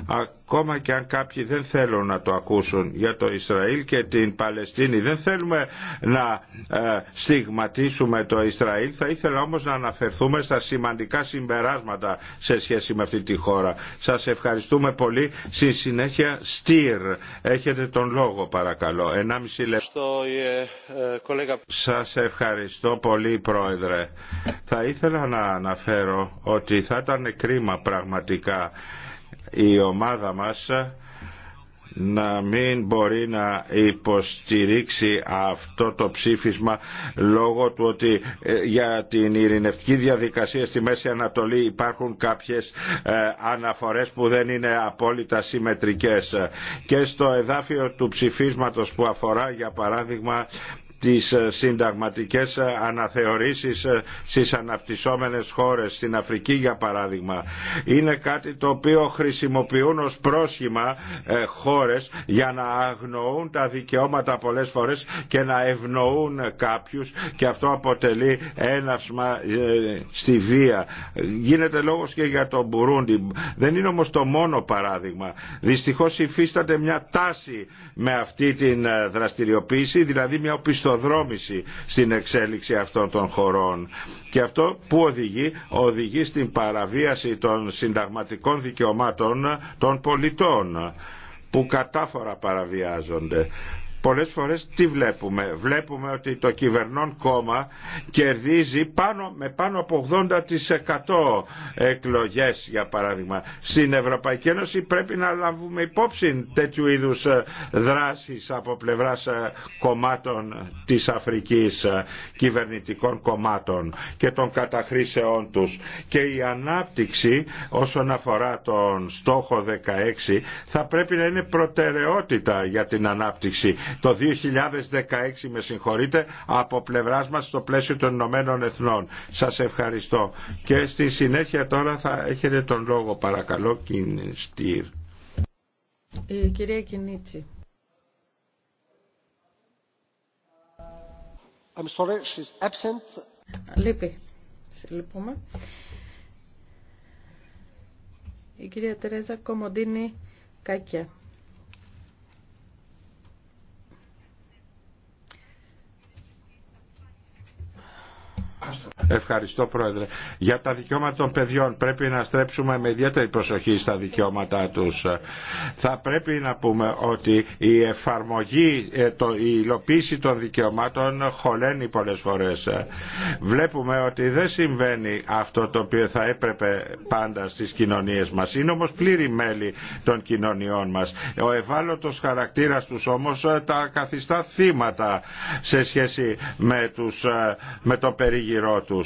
Speaker 1: ακόμα και αν κάποιοι δεν θέλουν να το ακούσουν για το Ισραήλ και την Παλαιστίνη δεν θέλουμε να ε, στιγματίσουμε το Ισραήλ θα ήθελα όμως να αναφερθούμε στα σημαντικά συμπεράσματα σε σχέση με αυτή τη χώρα σας ευχαριστούμε πολύ στη συνέχεια Στυρ έχετε τον λόγο παρακαλώ 1,5 λεπτό ε, ε, σας ευχαριστώ πολύ πρόεδρε θα ήθελα να αναφέρω ότι θα ήταν κρίμα πραγματικά η ομάδα μας να μην μπορεί να υποστηρίξει αυτό το ψήφισμα λόγω του ότι ε, για την ειρηνευτική διαδικασία στη Μέση Ανατολή υπάρχουν κάποιες ε, αναφορές που δεν είναι απόλυτα συμμετρικές. Και στο εδάφιο του ψηφίσματος που αφορά για παράδειγμα τις ε, συνταγματικές ε, αναθεωρήσεις ε, στις αναπτυσσόμενες χώρες, στην Αφρική για παράδειγμα. Είναι κάτι το οποίο χρησιμοποιούν ως πρόσχημα χώρες για να αγνοούν τα δικαιώματα πολλές φορές και να ευνοούν κάποιους και αυτό αποτελεί έναυσμα στη βία. Γίνεται λόγος και για τον Μπουρούντι. Δεν είναι όμως το μόνο παράδειγμα. Δυστυχώς υφίσταται μια τάση με αυτή την δραστηριοποίηση, δηλαδή μια οπισθοποίηση στην εξέλιξη αυτών των χωρών. Και αυτό που οδηγεί, οδηγεί στην παραβίαση των συνταγματικών δικαιωμάτων των πολιτών που κατάφορα παραβιάζονται πολλές φορές τι βλέπουμε. Βλέπουμε ότι το κυβερνών κόμμα κερδίζει πάνω, με πάνω από 80% εκλογές για παράδειγμα. Στην Ευρωπαϊκή Ένωση πρέπει να λάβουμε υπόψη τέτοιου είδους ε, δράσεις από πλευράς ε, κομμάτων της Αφρικής, ε, κυβερνητικών κομμάτων και των καταχρήσεών τους. Και η ανάπτυξη όσον αφορά τον στόχο 16 θα πρέπει να είναι προτεραιότητα για την ανάπτυξη το 2016 με συγχωρείτε από πλευράς μας στο πλαίσιο των Ηνωμένων Εθνών. Σας ευχαριστώ. Και στη συνέχεια τώρα θα έχετε τον λόγο παρακαλώ Στυρ.
Speaker 3: Η ε, κυρία Κινίτσι. I'm Λείπει. Λυπούμε. Η κυρία Τερέζα Κομοντίνη Κάκια.
Speaker 1: Ευχαριστώ Πρόεδρε. Για τα δικαιώματα των παιδιών πρέπει να στρέψουμε με ιδιαίτερη προσοχή στα δικαιώματά τους. Θα πρέπει να πούμε ότι η εφαρμογή, ε, το, η υλοποίηση των δικαιωμάτων χωλαίνει πολλές φορές. Βλέπουμε ότι δεν συμβαίνει αυτό το οποίο θα έπρεπε πάντα στις κοινωνίες μας. Είναι όμως πλήρη μέλη των κοινωνιών μας. Ο ευάλωτος χαρακτήρας τους όμως ε, τα καθιστά θύματα σε σχέση με ε, τον περίγυρό του.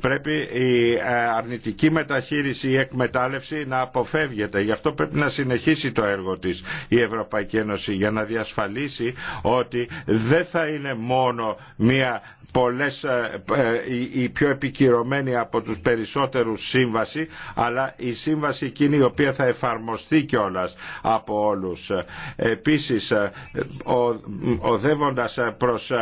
Speaker 1: Πρέπει η ε, αρνητική μεταχείριση, η εκμετάλλευση να αποφεύγεται. Γι' αυτό πρέπει να συνεχίσει το έργο της η Ευρωπαϊκή Ένωση για να διασφαλίσει ότι δεν θα είναι μόνο μια πολλές, ε, ε, η πιο επικυρωμένη από τους περισσότερους σύμβαση, αλλά η σύμβαση εκείνη η οποία θα εφαρμοστεί κιόλα από όλους. Επίσης, οδεύοντας προς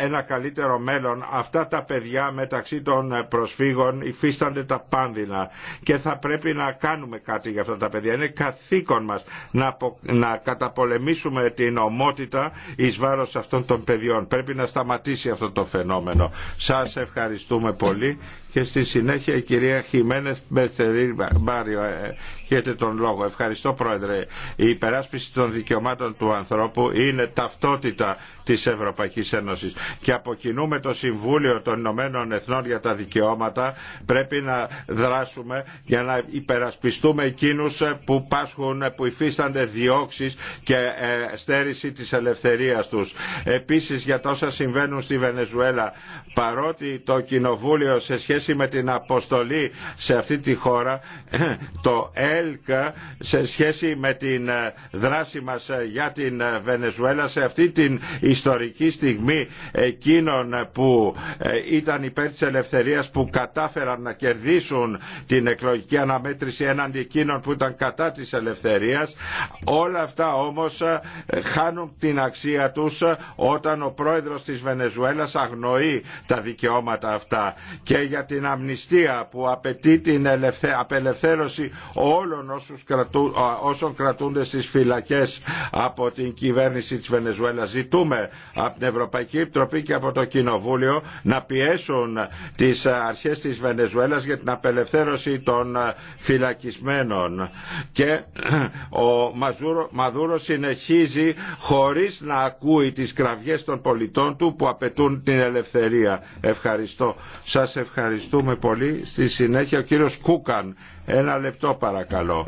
Speaker 1: ένα καλύτερο μέλλον, αυτά τα παιδιά με μεταξύ των ε, προσφύγων υφίστανται τα πάνδυνα και θα πρέπει να κάνουμε κάτι για αυτά τα παιδιά. Είναι καθήκον μας να, να καταπολεμήσουμε την ομότητα εις βάρος αυτών των παιδιών. Πρέπει να σταματήσει αυτό το φαινόμενο. Σας ευχαριστούμε πολύ και στη συνέχεια η κυρία Χιμένεθ Μπεθερή Μπάριο ε, έχετε τον λόγο. Ευχαριστώ Πρόεδρε. Η υπεράσπιση των δικαιωμάτων του ανθρώπου είναι ταυτότητα της Ευρωπαϊκής Ένωσης και από το Συμβούλιο των Ηνωμένων Εθνών για τα Δικαιώματα πρέπει να δράσουμε για να υπερασπιστούμε εκείνους ε, που πάσχουν, ε, που υφίστανται διώξεις και στέρηση της ελευθερίας τους. Επίσης για τόσα συμβαίνουν στη Βενεζουέλα παρότι το Κοινοβούλιο σχέση με την αποστολή σε αυτή τη χώρα το έλκα σε σχέση με την ε, δράση μας για την ε, Βενεζουέλα σε αυτή την ιστορική στιγμή εκείνων που ε, ήταν υπέρ της ελευθερίας που κατάφεραν να κερδίσουν την εκλογική αναμέτρηση έναντι εκείνων που ήταν κατά της ελευθερίας όλα αυτά όμως χάνουν την αξία τους όταν ο πρόεδρος της Βενεζουέλας αγνοεί τα δικαιώματα αυτά και την αμνηστία που απαιτεί την απελευθέρωση όλων όσων κρατούνται στις φυλακές από την κυβέρνηση της Βενεζουέλα. Ζητούμε από την Ευρωπαϊκή Επιτροπή και από το Κοινοβούλιο να πιέσουν τις αρχές της Βενεζουέλας για την απελευθέρωση των φυλακισμένων. Και ο Μαζούρο, Μαδούρο συνεχίζει χωρίς να ακούει τις κραυγές των πολιτών του που απαιτούν την ελευθερία. Ευχαριστώ. Σας ευχαριστώ. Ευχαριστούμε πολύ. Στη συνέχεια ο κύριος Κούκαν. Ένα λεπτό παρακαλώ.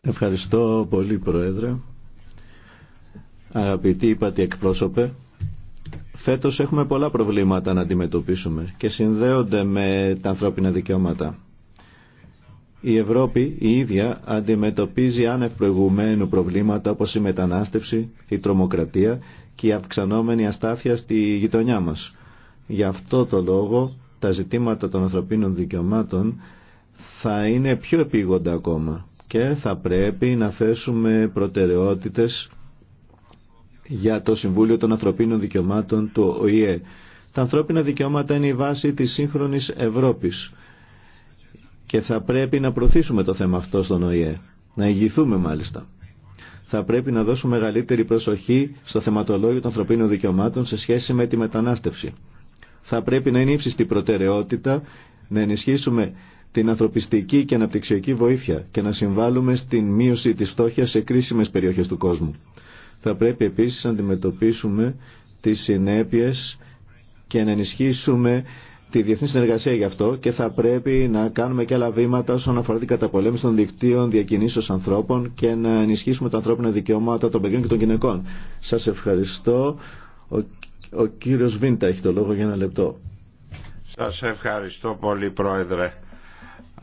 Speaker 2: Ευχαριστώ πολύ Πρόεδρε. Αγαπητοί είπατε εκπρόσωπε. Φέτος έχουμε πολλά προβλήματα να αντιμετωπίσουμε και συνδέονται με τα ανθρώπινα δικαιώματα. Η Ευρώπη η ίδια αντιμετωπίζει άνευ προηγουμένου προβλήματα όπως η μετανάστευση, η τρομοκρατία και η αυξανόμενη αστάθεια στη γειτονιά μας. Γι' αυτό το λόγο τα ζητήματα των ανθρωπίνων δικαιωμάτων θα είναι πιο επίγοντα ακόμα και θα πρέπει να θέσουμε προτεραιότητες για το Συμβούλιο των Ανθρωπίνων Δικαιωμάτων του ΟΗΕ. Τα ανθρώπινα δικαιώματα είναι η βάση της σύγχρονης Ευρώπης και θα πρέπει να προωθήσουμε το θέμα αυτό στον ΟΗΕ, να ηγηθούμε μάλιστα. Θα πρέπει να δώσουμε μεγαλύτερη προσοχή στο θεματολόγιο των ανθρωπίνων δικαιωμάτων σε σχέση με τη μετανάστευση θα πρέπει να είναι ύψιστη προτεραιότητα να ενισχύσουμε την ανθρωπιστική και αναπτυξιακή βοήθεια και να συμβάλλουμε στην μείωση της φτώχειας σε κρίσιμες περιοχές του κόσμου. Θα πρέπει επίσης να αντιμετωπίσουμε τις συνέπειες και να ενισχύσουμε τη διεθνή συνεργασία γι' αυτό και θα πρέπει να κάνουμε και άλλα βήματα όσον αφορά την καταπολέμηση των δικτύων διακινήσεως ανθρώπων και να ενισχύσουμε τα ανθρώπινα δικαιώματα των παιδιών και των γυναικών. Σας ευχαριστώ. Ο κύριος Βίντα έχει το λόγο για ένα λεπτό.
Speaker 1: Σας ευχαριστώ πολύ πρόεδρε.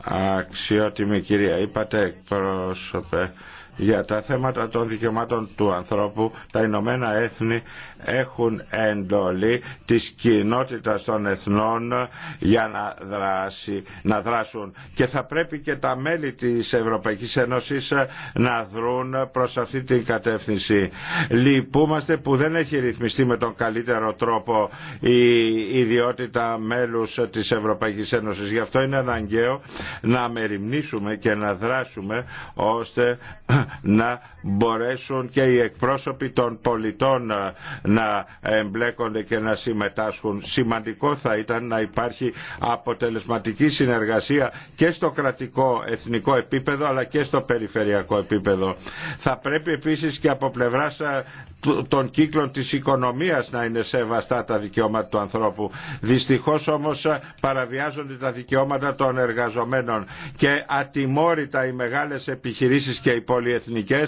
Speaker 1: Αξιότιμη κυρία, είπατε πρόσωπε για τα θέματα των δικαιωμάτων του ανθρώπου τα Ηνωμένα Έθνη έχουν εντολή της κοινότητας των εθνών για να, δράσει, να δράσουν και θα πρέπει και τα μέλη της Ευρωπαϊκής Ένωσης να δρουν προς αυτή την κατεύθυνση. Λυπούμαστε που δεν έχει ρυθμιστεί με τον καλύτερο τρόπο η ιδιότητα μέλους της Ευρωπαϊκής Ένωσης. Γι' αυτό είναι αναγκαίο να μεριμνήσουμε και να δράσουμε ώστε να μπορέσουν και οι εκπρόσωποι των πολιτών ε, να εμπλέκονται και να συμμετάσχουν. Σημαντικό θα ήταν να υπάρχει αποτελεσματική συνεργασία και στο κρατικό εθνικό επίπεδο αλλά και στο περιφερειακό επίπεδο. Θα πρέπει επίσης και από πλευράς ε, των κύκλων της οικονομίας να είναι σεβαστά τα δικαιώματα του ανθρώπου. Δυστυχώς όμως ε, παραβιάζονται τα δικαιώματα των εργαζομένων και ατιμόρυτα οι μεγάλες επιχειρήσεις και οι πολιεθνικές διεθνικέ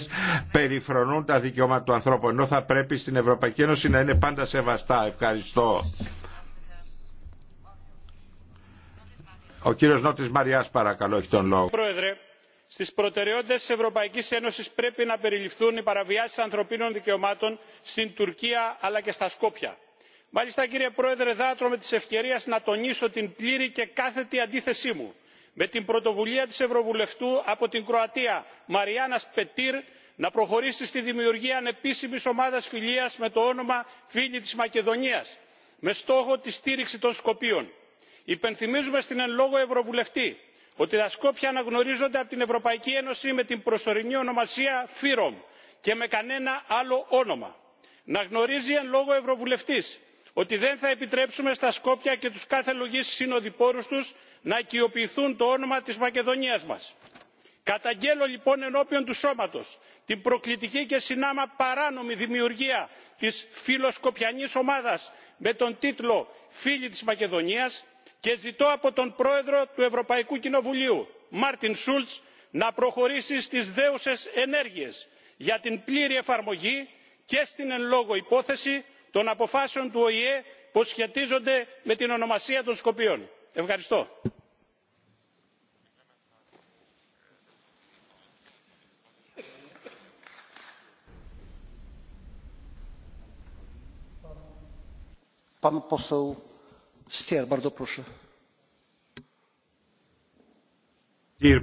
Speaker 1: περιφρονούν τα δικαιώματα του ανθρώπου ενώ θα πρέπει στην Ευρωπαϊκή Ένωση να είναι πάντα σεβαστά. Ευχαριστώ. Ο κύριος Νότης Μαριάς παρακαλώ έχει τον λόγο.
Speaker 5: Πρόεδρε, στις προτεραιότητες της Ευρωπαϊκής Ένωσης πρέπει να περιληφθούν οι παραβιάσεις ανθρωπίνων δικαιωμάτων στην Τουρκία αλλά και στα Σκόπια. Μάλιστα κύριε Πρόεδρε δάτρω με της ευκαιρίας να τονίσω την πλήρη και κάθετη αντίθεσή μου με την πρωτοβουλία της ευρωβουλευτού από την κροατία marianas petir να προχωρήσει στη δημιουργία ανεπίσημης ομάδας φιλίας με το όνομα φίλοι της μακεδονίας με στόχο τη στήριξη των σκοπίων. υπενθυμίζουμε στην εν λόγω ευρωβουλευτή ότι τα σκόπια αναγνωρίζονται από την ευρωπαϊκή ένωση με την προσωρινή ονομασία ΦΥΡΟΜ και με κανένα άλλο όνομα. να γνωρίζει εν λόγω ευρωβουλευτής ότι δεν θα επιτρέψουμε στα σκόπια και τους κάθε λογής συνοδοιπόρους του να οικειοποιηθούν το όνομα της μακεδονίας μας. καταγγέλλω λοιπόν ενώπιον του σώματος την προκλητική και συνάμα παράνομη δημιουργία της φιλοσκοπιανής ομάδας με τον τίτλο φίλοι της μακεδονίας και ζητώ από τον πρόεδρο του ευρωπαϊκού κοινοβουλίου μάρτιν σούλτς να προχωρήσει στις δέουσες ενέργειες για την πλήρη εφαρμογή και στην εν λόγω υπόθεση των αποφάσεων του οηε που σχετίζονται με την ονομασία των σκοπίων. Ευχαριστώ.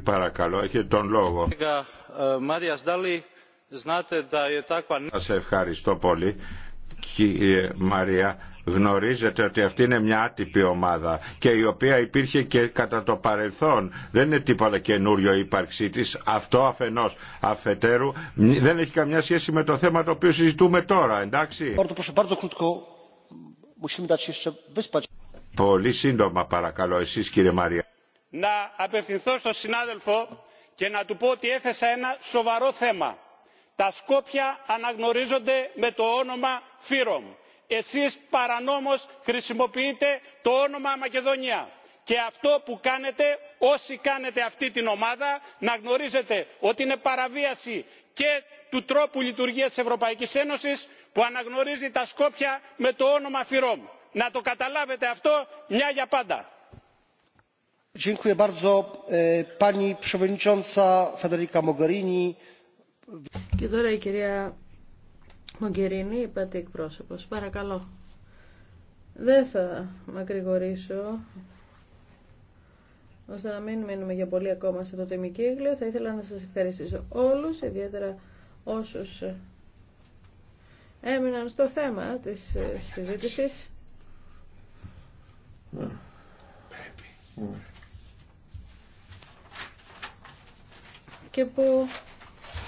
Speaker 1: παρακαλώ, έχετε τον λόγο. Σας ευχαριστώ πολύ κύριε Μαρία, γνωρίζετε ότι αυτή είναι μια άτυπη ομάδα και η οποία υπήρχε και κατά το παρελθόν. Δεν είναι τίποτα καινούριο η ύπαρξή τη. Αυτό αφενό. Αφετέρου, δεν έχει καμιά σχέση με το θέμα το οποίο συζητούμε τώρα, εντάξει. Πολύ σύντομα παρακαλώ εσείς κύριε Μαρία.
Speaker 5: Να απευθυνθώ στον συνάδελφο και να του πω ότι έθεσα ένα σοβαρό θέμα. Τα Σκόπια αναγνωρίζονται με το όνομα φύρομ εσείς παρανόμως χρησιμοποιείτε το όνομα μακεδονία και αυτό που κάνετε όσοι κάνετε αυτή την ομάδα να γνωρίζετε ότι είναι παραβίαση και του τρόπου λειτουργίας της ευρωπαϊκής ένωσης που αναγνωρίζει τα σκόπια με το όνομα φύρομ. να το καταλάβετε αυτό μια για πάντα.
Speaker 4: Ε,
Speaker 3: και τώρα κυρία Μογκερίνη, είπατε εκπρόσωπος. Παρακαλώ. Δεν θα μακρηγορήσω ώστε να μην μείνουμε για πολύ ακόμα σε το τιμικύκλιο. Θα ήθελα να σας ευχαριστήσω όλους, ιδιαίτερα όσους έμειναν στο θέμα της ε, συζήτησης. Ναι. Και που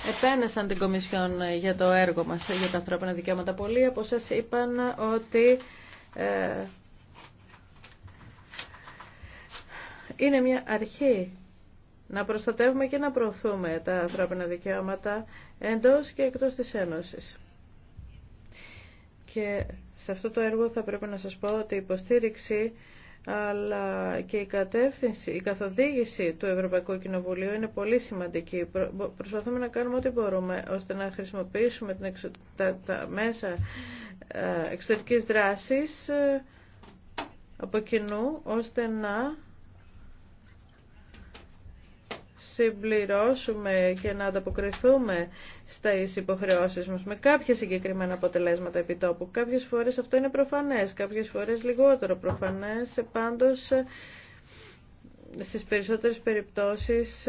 Speaker 3: επένεσαν την Κομισιόν για το έργο μας για τα ανθρώπινα δικαιώματα. πολύ, από σας είπαν ότι ε, είναι μια αρχή να προστατεύουμε και να προωθούμε τα ανθρώπινα δικαιώματα εντός και εκτός της Ένωσης. Και σε αυτό το έργο θα πρέπει να σας πω ότι η υποστήριξη αλλά και η κατεύθυνση, η καθοδήγηση του Ευρωπαϊκού Κοινοβουλίου είναι πολύ σημαντική. Προσπαθούμε να κάνουμε ό,τι μπορούμε ώστε να χρησιμοποιήσουμε την τα... τα μέσα ε, εξωτερικής δράσης ε, από κοινού ώστε να συμπληρώσουμε και να ανταποκριθούμε στις υποχρεώσεις μας με κάποια συγκεκριμένα αποτελέσματα επιτόπου. Κάποιες φορές αυτό είναι προφανές, κάποιες φορές λιγότερο προφανές, πάντως στις περισσότερες περιπτώσεις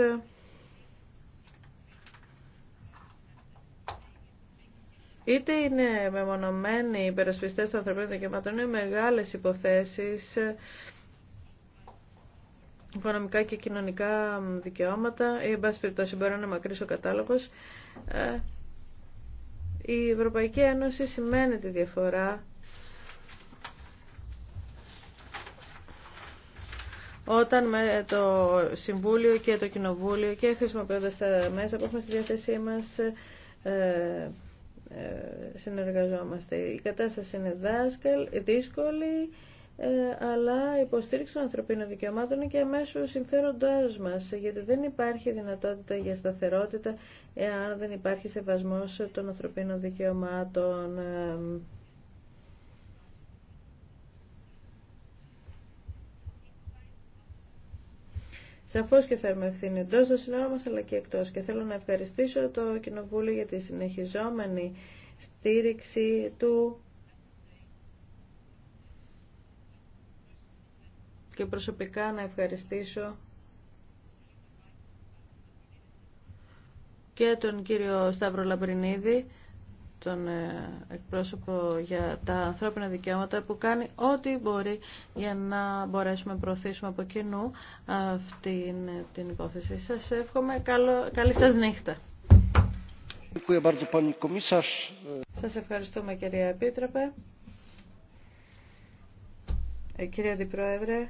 Speaker 3: είτε είναι μεμονωμένοι οι υπερασπιστές των ανθρωπίνων δικαιωμάτων, είναι μεγάλες υποθέσεις οικονομικά και κοινωνικά δικαιώματα ή εν πάση περιπτώσει μπορεί να είναι μακρύς ο κατάλογος ε, η Ευρωπαϊκή Ένωση σημαίνει τη διαφορά όταν με το Συμβούλιο και το Κοινοβούλιο και χρησιμοποιώντας τα μέσα που έχουμε στη διάθεσή μας ε, ε, συνεργαζόμαστε. Η κατάσταση είναι δύσκολη ε, αλλά υποστήριξη των ανθρωπίνων δικαιωμάτων και αμέσω συμφέροντά μα, γιατί δεν υπάρχει δυνατότητα για σταθερότητα εάν δεν υπάρχει σεβασμό των ανθρωπίνων δικαιωμάτων. Σαφώ και φέρουμε ευθύνη εντό των συνόρων μα αλλά και εκτό. Και θέλω να ευχαριστήσω το Κοινοβούλιο για τη συνεχιζόμενη στήριξη του και προσωπικά να ευχαριστήσω και τον κύριο Σταύρο Λαμπρινίδη, τον ε, εκπρόσωπο για τα ανθρώπινα δικαιώματα, που κάνει ό,τι μπορεί για να μπορέσουμε να προωθήσουμε από κοινού αυτή ε, την υπόθεση. Σας εύχομαι καλό, καλή σας νύχτα. Σας ευχαριστούμε κυρία Επίτροπε. Ε, κύριε Αντιπρόεδρε.